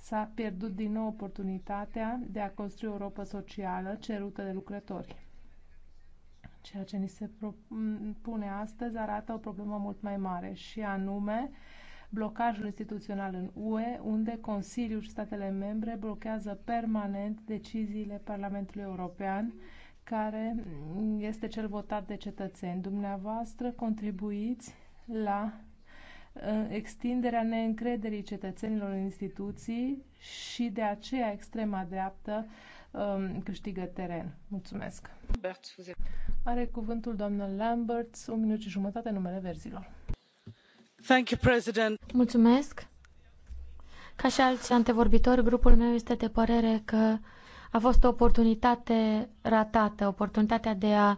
[SPEAKER 3] S-a pierdut din nou oportunitatea de a construi o Europa socială cerută de lucrători Ceea ce ni se pune astăzi arată o problemă mult mai mare și anume blocajul instituțional în UE, unde Consiliul și statele membre blochează permanent deciziile Parlamentului European, care este cel votat de cetățeni. Dumneavoastră contribuiți la uh, extinderea neîncrederii cetățenilor în instituții și de aceea extrema dreaptă um, câștigă teren. Mulțumesc! Are cuvântul doamna Lambert, un minut și jumătate numele verzilor. Thank you, President.
[SPEAKER 2] Mulțumesc! Ca și alți antevorbitori, grupul meu este de părere că a fost o oportunitate ratată, oportunitatea de a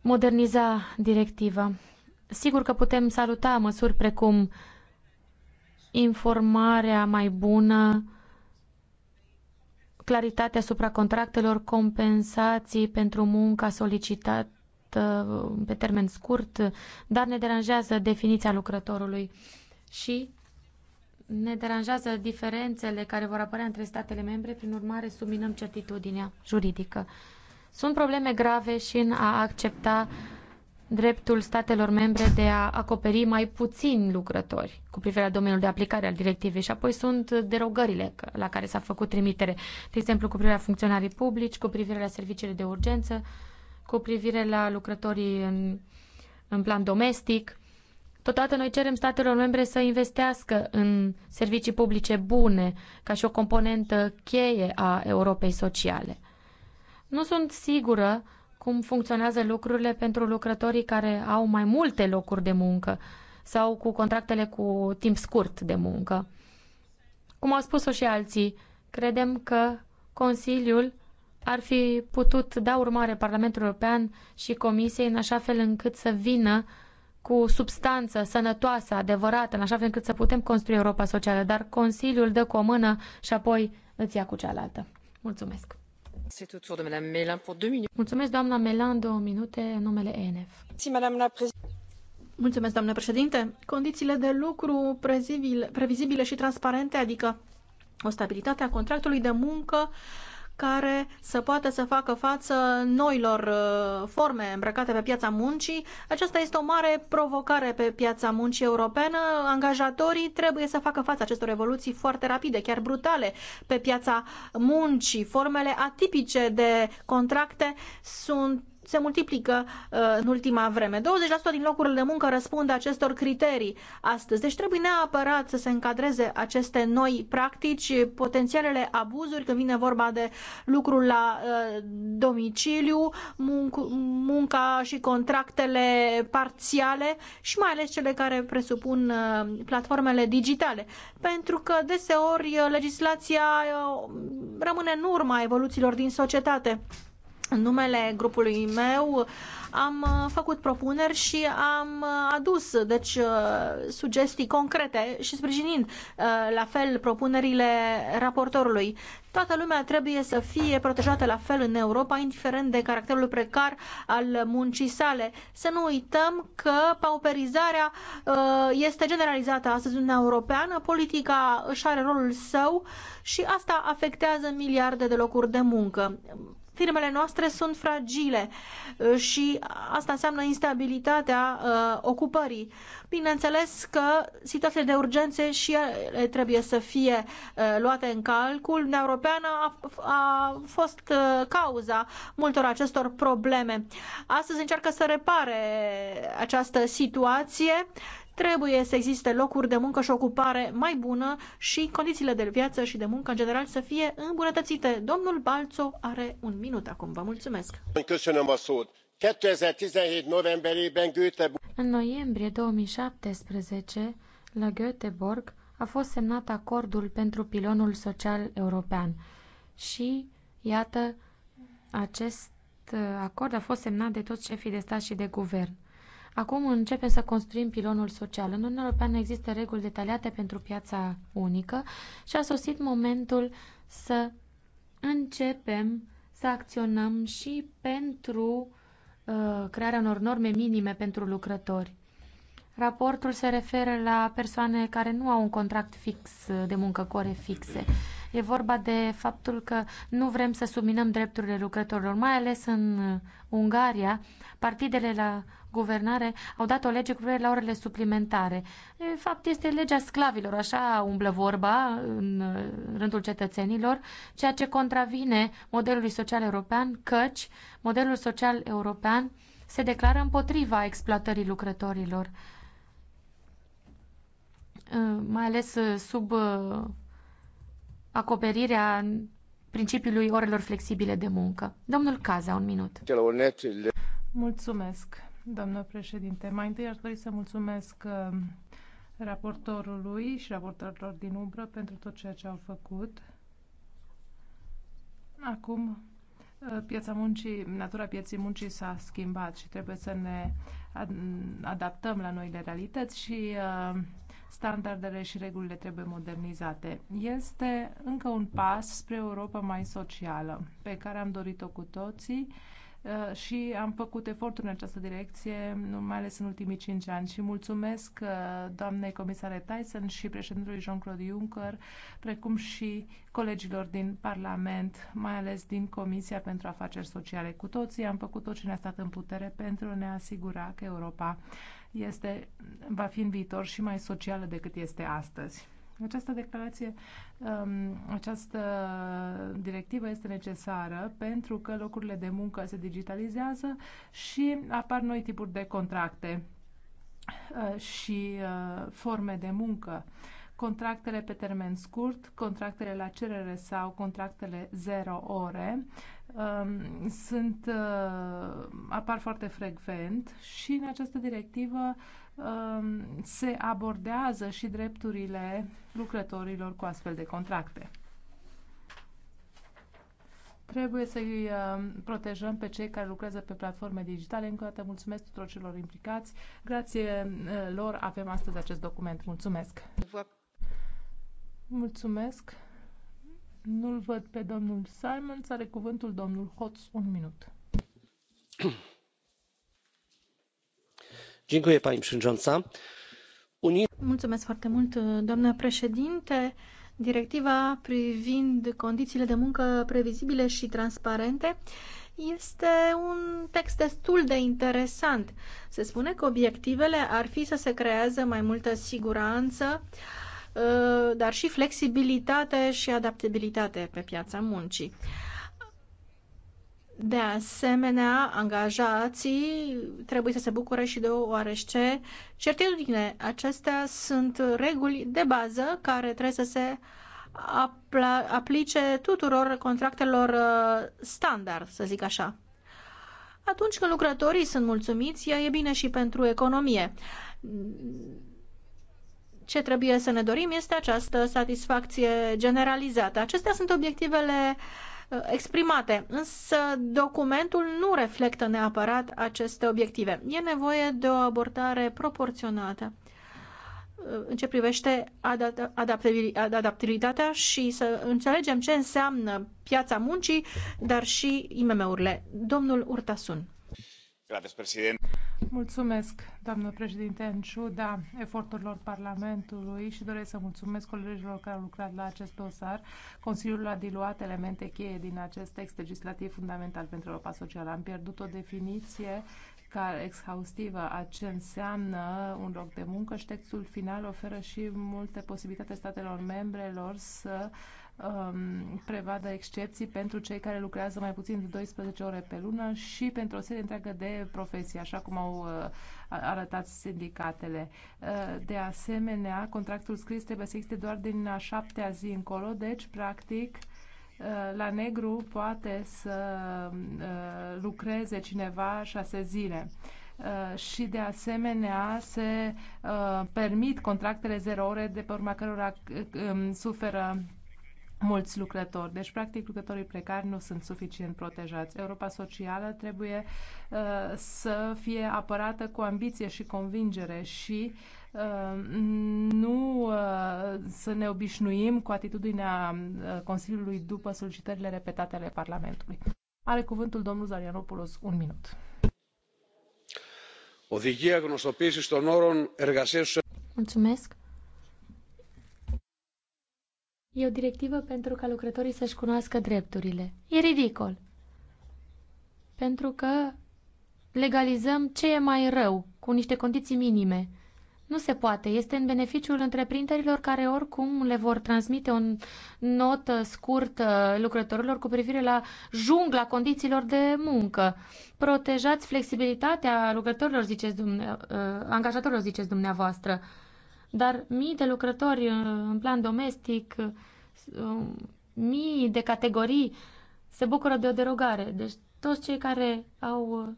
[SPEAKER 2] moderniza directiva. Sigur că putem saluta măsuri precum informarea mai bună, claritate asupra contractelor, compensații pentru munca solicitată pe termen scurt, dar ne deranjează definiția lucrătorului și ne deranjează diferențele care vor apărea între statele membre, prin urmare subminăm certitudinea juridică. Sunt probleme grave și în a accepta uh, dreptul statelor membre de a acoperi mai puțini lucrători cu privire la domeniul de aplicare al directivei și apoi sunt derogările la care s-a făcut trimitere, de exemplu cu privire la funcționarii publici, cu privire la serviciile de urgență, cu privire la lucrătorii în, în plan domestic. Totodată noi cerem statelor membre să investească în servicii publice bune ca și o componentă cheie a Europei sociale. Nu sunt sigură cum funcționează lucrurile pentru lucrătorii care au mai multe locuri de muncă sau cu contractele cu timp scurt de muncă. Cum au spus-o și alții, credem că Consiliul ar fi putut da urmare Parlamentului European și Comisiei în așa fel încât să vină cu substanță sănătoasă, adevărată, în așa fel încât să putem construi Europa socială, dar Consiliul dă cu o mână și apoi îți ia cu cealaltă. Mulțumesc! Mulțumesc, doamna Melan, două minute, numele ENF. Mulțumesc, doamnă președinte.
[SPEAKER 1] Condițiile de lucru previzibile și transparente, adică o stabilitate a contractului de muncă, care să poată să facă față noilor uh, forme îmbrăcate pe piața muncii. Aceasta este o mare provocare pe piața muncii europeană. Angajatorii trebuie să facă față acestor evoluții foarte rapide, chiar brutale, pe piața muncii. Formele atipice de contracte sunt se multiplică uh, în ultima vreme. 20% din locurile de muncă răspund acestor criterii astăzi. Deci trebuie neapărat să se încadreze aceste noi practici, potențialele abuzuri când vine vorba de lucru la uh, domiciliu, munc- munca și contractele parțiale și mai ales cele care presupun uh, platformele digitale. Pentru că deseori uh, legislația uh, rămâne în urma evoluțiilor din societate în numele grupului meu am uh, făcut propuneri și am uh, adus deci uh, sugestii concrete și sprijinind la fel propunerile raportorului. Toată lumea trebuie să fie protejată la fel în Europa, indiferent de caracterul precar al muncii sale. Să nu uităm că pauperizarea este generalizată astăzi în Europeană, politica își are rolul său și asta afectează miliarde de locuri de muncă firmele noastre sunt fragile uh, și asta înseamnă instabilitatea uh, ocupării. Bineînțeles că situațiile de urgențe și ele trebuie să fie uh, luate în calcul. Uniunea Europeană a, a fost cauza multor acestor probleme. Astăzi încearcă să repare această situație Trebuie să existe locuri de muncă și ocupare mai bună și condițiile de viață și de muncă în general să fie îmbunătățite. Domnul Balțo are un minut acum. Vă mulțumesc.
[SPEAKER 2] În noiembrie 2017, la Göteborg, a fost semnat acordul pentru pilonul social european. Și, iată, acest uh, acord a fost semnat de toți șefii de stat și de guvern. Acum începem să construim pilonul social. În Uniunea Europeană există reguli detaliate pentru piața unică și a sosit momentul să începem să acționăm și pentru uh, crearea unor norme minime pentru lucrători. Raportul se referă la persoane care nu au un contract fix de muncă, cu ore fixe. E vorba de faptul că nu vrem să subminăm drepturile lucrătorilor, mai ales în uh, Ungaria. Partidele la guvernare au dat o lege cu privire la orele suplimentare. De fapt, este legea sclavilor, așa umblă vorba în uh, rândul cetățenilor, ceea ce contravine modelului social european, căci modelul social european se declară împotriva exploatării lucrătorilor uh, mai ales sub acoperirea principiului orelor flexibile de muncă. Domnul Caza, un minut.
[SPEAKER 3] Mulțumesc, doamnă președinte. Mai întâi aș dori să mulțumesc uh, raportorului și raportorilor din umbră pentru tot ceea ce au făcut. Acum, uh, piața muncii, natura pieții muncii s-a schimbat și trebuie să ne adaptăm la noile realități și uh, standardele și regulile trebuie modernizate. Este încă un pas spre Europa mai socială, pe care am dorit-o cu toții uh, și am făcut eforturi în această direcție, mai ales în ultimii cinci ani. Și mulțumesc uh, doamnei comisare Tyson și președintelui Jean-Claude Juncker, precum și colegilor din Parlament, mai ales din Comisia pentru Afaceri Sociale. Cu toții am făcut tot ce ne-a stat în putere pentru a ne asigura că Europa este, va fi în viitor și mai socială decât este astăzi. Această declarație, um, această directivă este necesară pentru că locurile de muncă se digitalizează și apar noi tipuri de contracte uh, și uh, forme de muncă. Contractele pe termen scurt, contractele la cerere sau contractele zero ore sunt, uh, apar foarte frecvent și în această directivă um, se abordează și drepturile lucrătorilor cu astfel de contracte. Trebuie să îi um, protejăm pe cei care lucrează pe platforme digitale. Încă o dată mulțumesc tuturor celor implicați. Grație uh, lor avem astăzi acest document. Mulțumesc! Mulțumesc! Nu-l văd pe domnul Simon. Are cuvântul domnul Hoț. Un minut.
[SPEAKER 1] Mulțumesc foarte mult, doamnă președinte. Directiva privind condițiile de muncă previzibile și transparente este un text destul de interesant. Se spune că obiectivele ar fi să se creeze mai multă siguranță uh, Uh, dar și flexibilitate și adaptabilitate pe piața muncii. De asemenea, angajații trebuie să se bucure și de o oarește certitudine. Acestea sunt reguli de bază care trebuie să se aplice tuturor contractelor uh, standard, să zic așa. Atunci când lucrătorii sunt mulțumiți, ea e bine și pentru economie. Ce trebuie să ne dorim este această satisfacție generalizată. Acestea sunt obiectivele uh, exprimate, însă documentul nu reflectă neapărat aceste obiective. E nevoie de o abordare proporționată uh, în ce privește adaptabilitatea și să înțelegem ce înseamnă piața muncii, dar și IMM-urile. Domnul Urtasun.
[SPEAKER 3] Mulțumesc, doamnă președinte, în ciuda eforturilor Parlamentului și doresc să mulțumesc colegilor care au lucrat la acest dosar. Consiliul a diluat elemente cheie din acest text legislativ fundamental pentru Europa Socială. Am pierdut o definiție care exhaustivă a ce înseamnă un loc de muncă și textul final oferă și multe posibilități statelor membrelor să um, prevadă excepții pentru cei care lucrează mai puțin de 12 ore pe lună și pentru o serie întreagă de profesii, așa cum au uh, arătat sindicatele. Uh, de asemenea, contractul scris trebuie să existe doar din a șaptea zi încolo, deci, practic, uh, la negru poate să uh, lucreze cineva șase zile uh, și de asemenea se permit contractele zero ore de pe urma cărora um, suferă mulți lucrători. Deci, practic, lucrătorii precari nu sunt suficient protejați. Europa socială trebuie uh, să fie apărată cu ambiție și convingere și uh, nu uh, să ne obișnuim cu atitudinea uh, Consiliului după solicitările repetate ale Parlamentului. Are cuvântul domnul Zarianopoulos un minut.
[SPEAKER 2] Mulțumesc. E o directivă pentru ca lucrătorii să-și cunoască drepturile. E ridicol. Pentru că legalizăm ce e mai rău, cu niște condiții minime. Nu se poate. Este în beneficiul întreprinderilor care oricum le vor transmite o notă scurtă lucrătorilor cu privire la jungla condițiilor de muncă. Protejați flexibilitatea lucrătorilor, ziceți dumne- uh, angajatorilor, ziceți dumneavoastră dar mii de lucrători uh, în plan domestic, uh, um, mii de categorii se bucură de o derogare. Deci toți cei care au uh,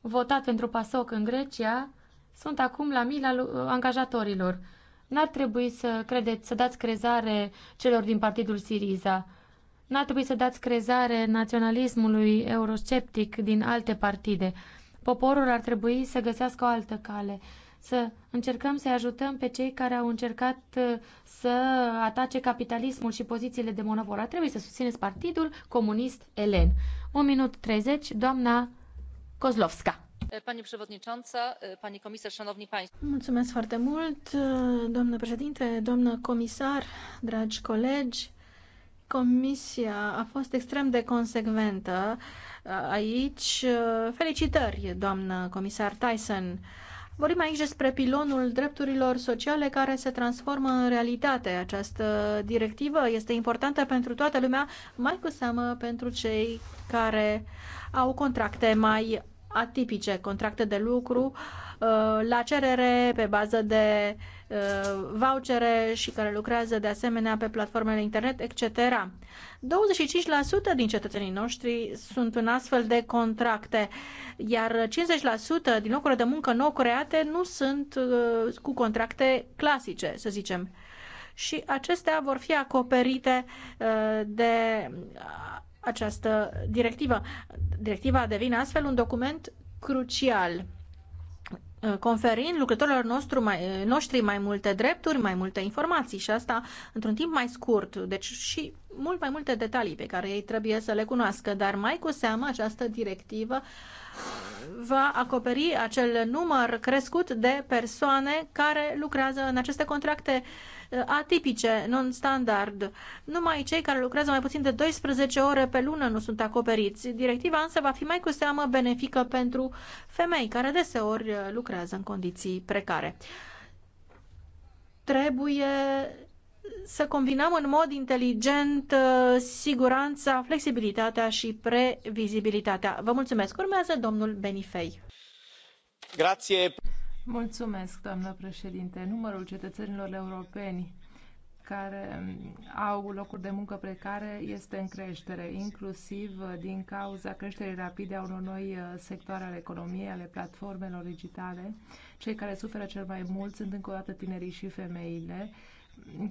[SPEAKER 2] votat pentru PASOC în Grecia sunt acum la mila angajatorilor. N-ar trebui să, credeți, să dați crezare celor din partidul Siriza. N-ar trebui să dați crezare naționalismului eurosceptic din alte partide. Poporul ar trebui să găsească o altă cale să încercăm să ajutăm pe cei care au încercat uh, să atace capitalismul și pozițiile de monopol. Trebuie să susțineți Partidul Comunist Elen. 1 minut 30, doamna Kozlovska. Pani przewodnicząca, pani comisar, szanowni państwo. Mulțumesc foarte mult,
[SPEAKER 1] uh, doamnă președinte, doamnă comisar, dragi colegi. Comisia a fost extrem de consecventă uh, aici. Felicitări, doamnă comisar Tyson Vorbim aici despre pilonul drepturilor sociale care se transformă în realitate. Această directivă este importantă pentru toată lumea, mai cu seamă pentru cei care au contracte mai atipice, contracte de lucru uh, la cerere pe bază de uh, Uh, vouchere și care lucrează de asemenea pe platformele internet, etc. 25% din cetățenii noștri sunt în astfel de contracte, iar 50% din locurile de muncă nou create nu sunt uh, cu contracte clasice, să zicem. Și acestea vor fi acoperite uh, de această directivă. Directiva devine astfel un document crucial Uh, conferind lucrătorilor nostru mai, uh, noștri mai multe drepturi, mai multe informații și asta într-un timp mai scurt, deci și mult mai multe detalii pe care ei trebuie să le cunoască, dar mai cu seamă această directivă va acoperi acel număr crescut de persoane care lucrează în aceste contracte uh, atipice, non-standard. Numai cei care lucrează mai puțin de 12 ore pe lună nu sunt acoperiți. Directiva însă va fi mai cu seamă benefică pentru femei care deseori uh, lucrează în condiții precare. Trebuie să combinăm în mod inteligent uh, siguranța, flexibilitatea și previzibilitatea. Vă mulțumesc. Urmează
[SPEAKER 3] domnul Benifei. Grație. Mulțumesc, doamnă președinte. Numărul cetățenilor europeni care um, au locuri de muncă precare este în creștere, inclusiv uh, din cauza creșterii rapide a unor noi uh, sectoare ale economiei, ale platformelor digitale. Cei care suferă cel mai mult sunt încă o dată tinerii și femeile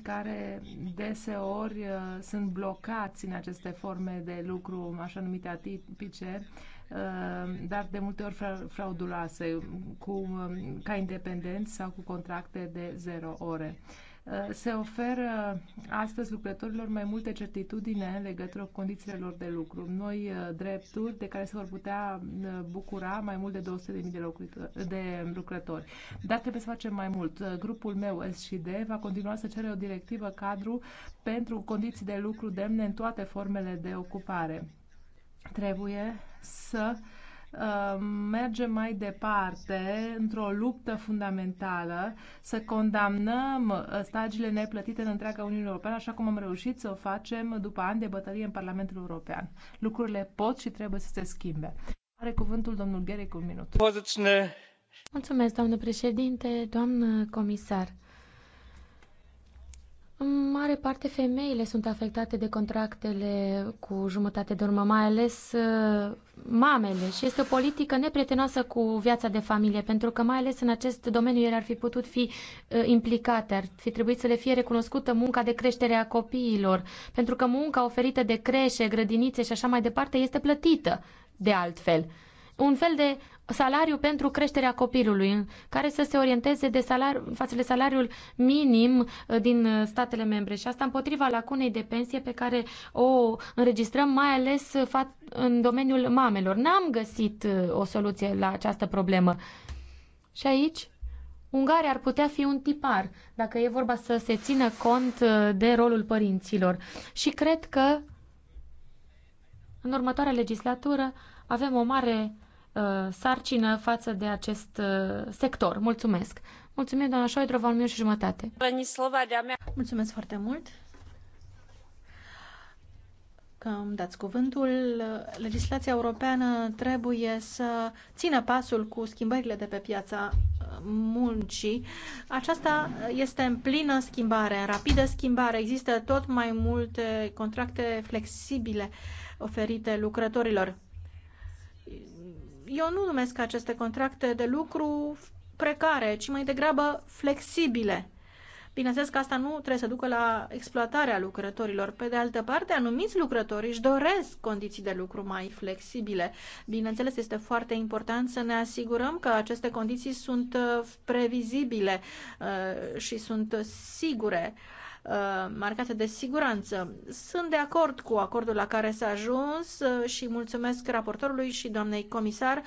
[SPEAKER 3] care deseori uh, sunt blocați în aceste forme de lucru, așa numite atipice, uh, dar de multe ori frauduloase, cu, um, ca independenți sau cu contracte de zero ore. Uh, se oferă astăzi lucrătorilor mai multe certitudine în legătură cu condițiile lor de lucru, noi uh, drepturi de care se vor putea uh, bucura mai mult de 200.000 de, de lucrători. Dar trebuie să facem mai mult. Grupul meu SCD va continua să cere o directivă cadru pentru condiții de lucru demne în toate formele de ocupare. Trebuie să uh, Uh, merge mai departe într-o luptă fundamentală, să condamnăm uh, stagiile neplătite în întreaga Uniune Europeană, așa cum am reușit să o facem după ani de bătălie în Parlamentul European. Lucrurile pot și trebuie să se schimbe. Are cuvântul domnul Gheric un minut.
[SPEAKER 2] Mulțumesc, doamnă președinte, doamnă comisar. În mare parte femeile sunt afectate de contractele cu jumătate de urmă, mai ales uh, mamele și este o politică neprietenoasă cu viața de familie, pentru că mai ales în acest domeniu ele ar fi putut fi uh, implicate, ar fi trebuit să le fie recunoscută munca de creștere a copiilor, pentru că munca oferită de creșe, grădinițe și așa mai departe este plătită de altfel. Uh, un fel de salariu pentru creșterea copilului, care să se orienteze de salariu, față de salariul minim uh, din uh, statele membre și asta împotriva lacunei de pensie pe care o înregistrăm mai ales uh, în domeniul mamelor. N-am găsit o soluție la această problemă. Și aici Ungaria ar putea fi un tipar dacă e vorba să se țină cont de rolul părinților. Și cred că în următoarea legislatură avem o mare Uh, sarcină față de acest uh, sector. Mulțumesc! Mulțumim, doamna Șoidrova, un minut și jumătate. Mulțumesc foarte mult!
[SPEAKER 1] că îmi dați cuvântul. Legislația europeană trebuie să țină pasul cu schimbările de pe piața uh, muncii. Aceasta este în plină schimbare, în rapidă schimbare. Există tot mai multe contracte flexibile oferite lucrătorilor eu nu numesc aceste contracte de lucru precare, ci mai degrabă flexibile. Bineînțeles că asta nu trebuie să ducă la exploatarea lucrătorilor. Pe de altă parte, anumiți lucrători își doresc condiții de lucru mai flexibile. Bineînțeles, este foarte important să ne asigurăm că aceste condiții sunt uh, previzibile uh, și sunt sigure. Uh, marcate de siguranță. Sunt de acord cu acordul la care s-a ajuns uh, și mulțumesc raportorului și doamnei comisar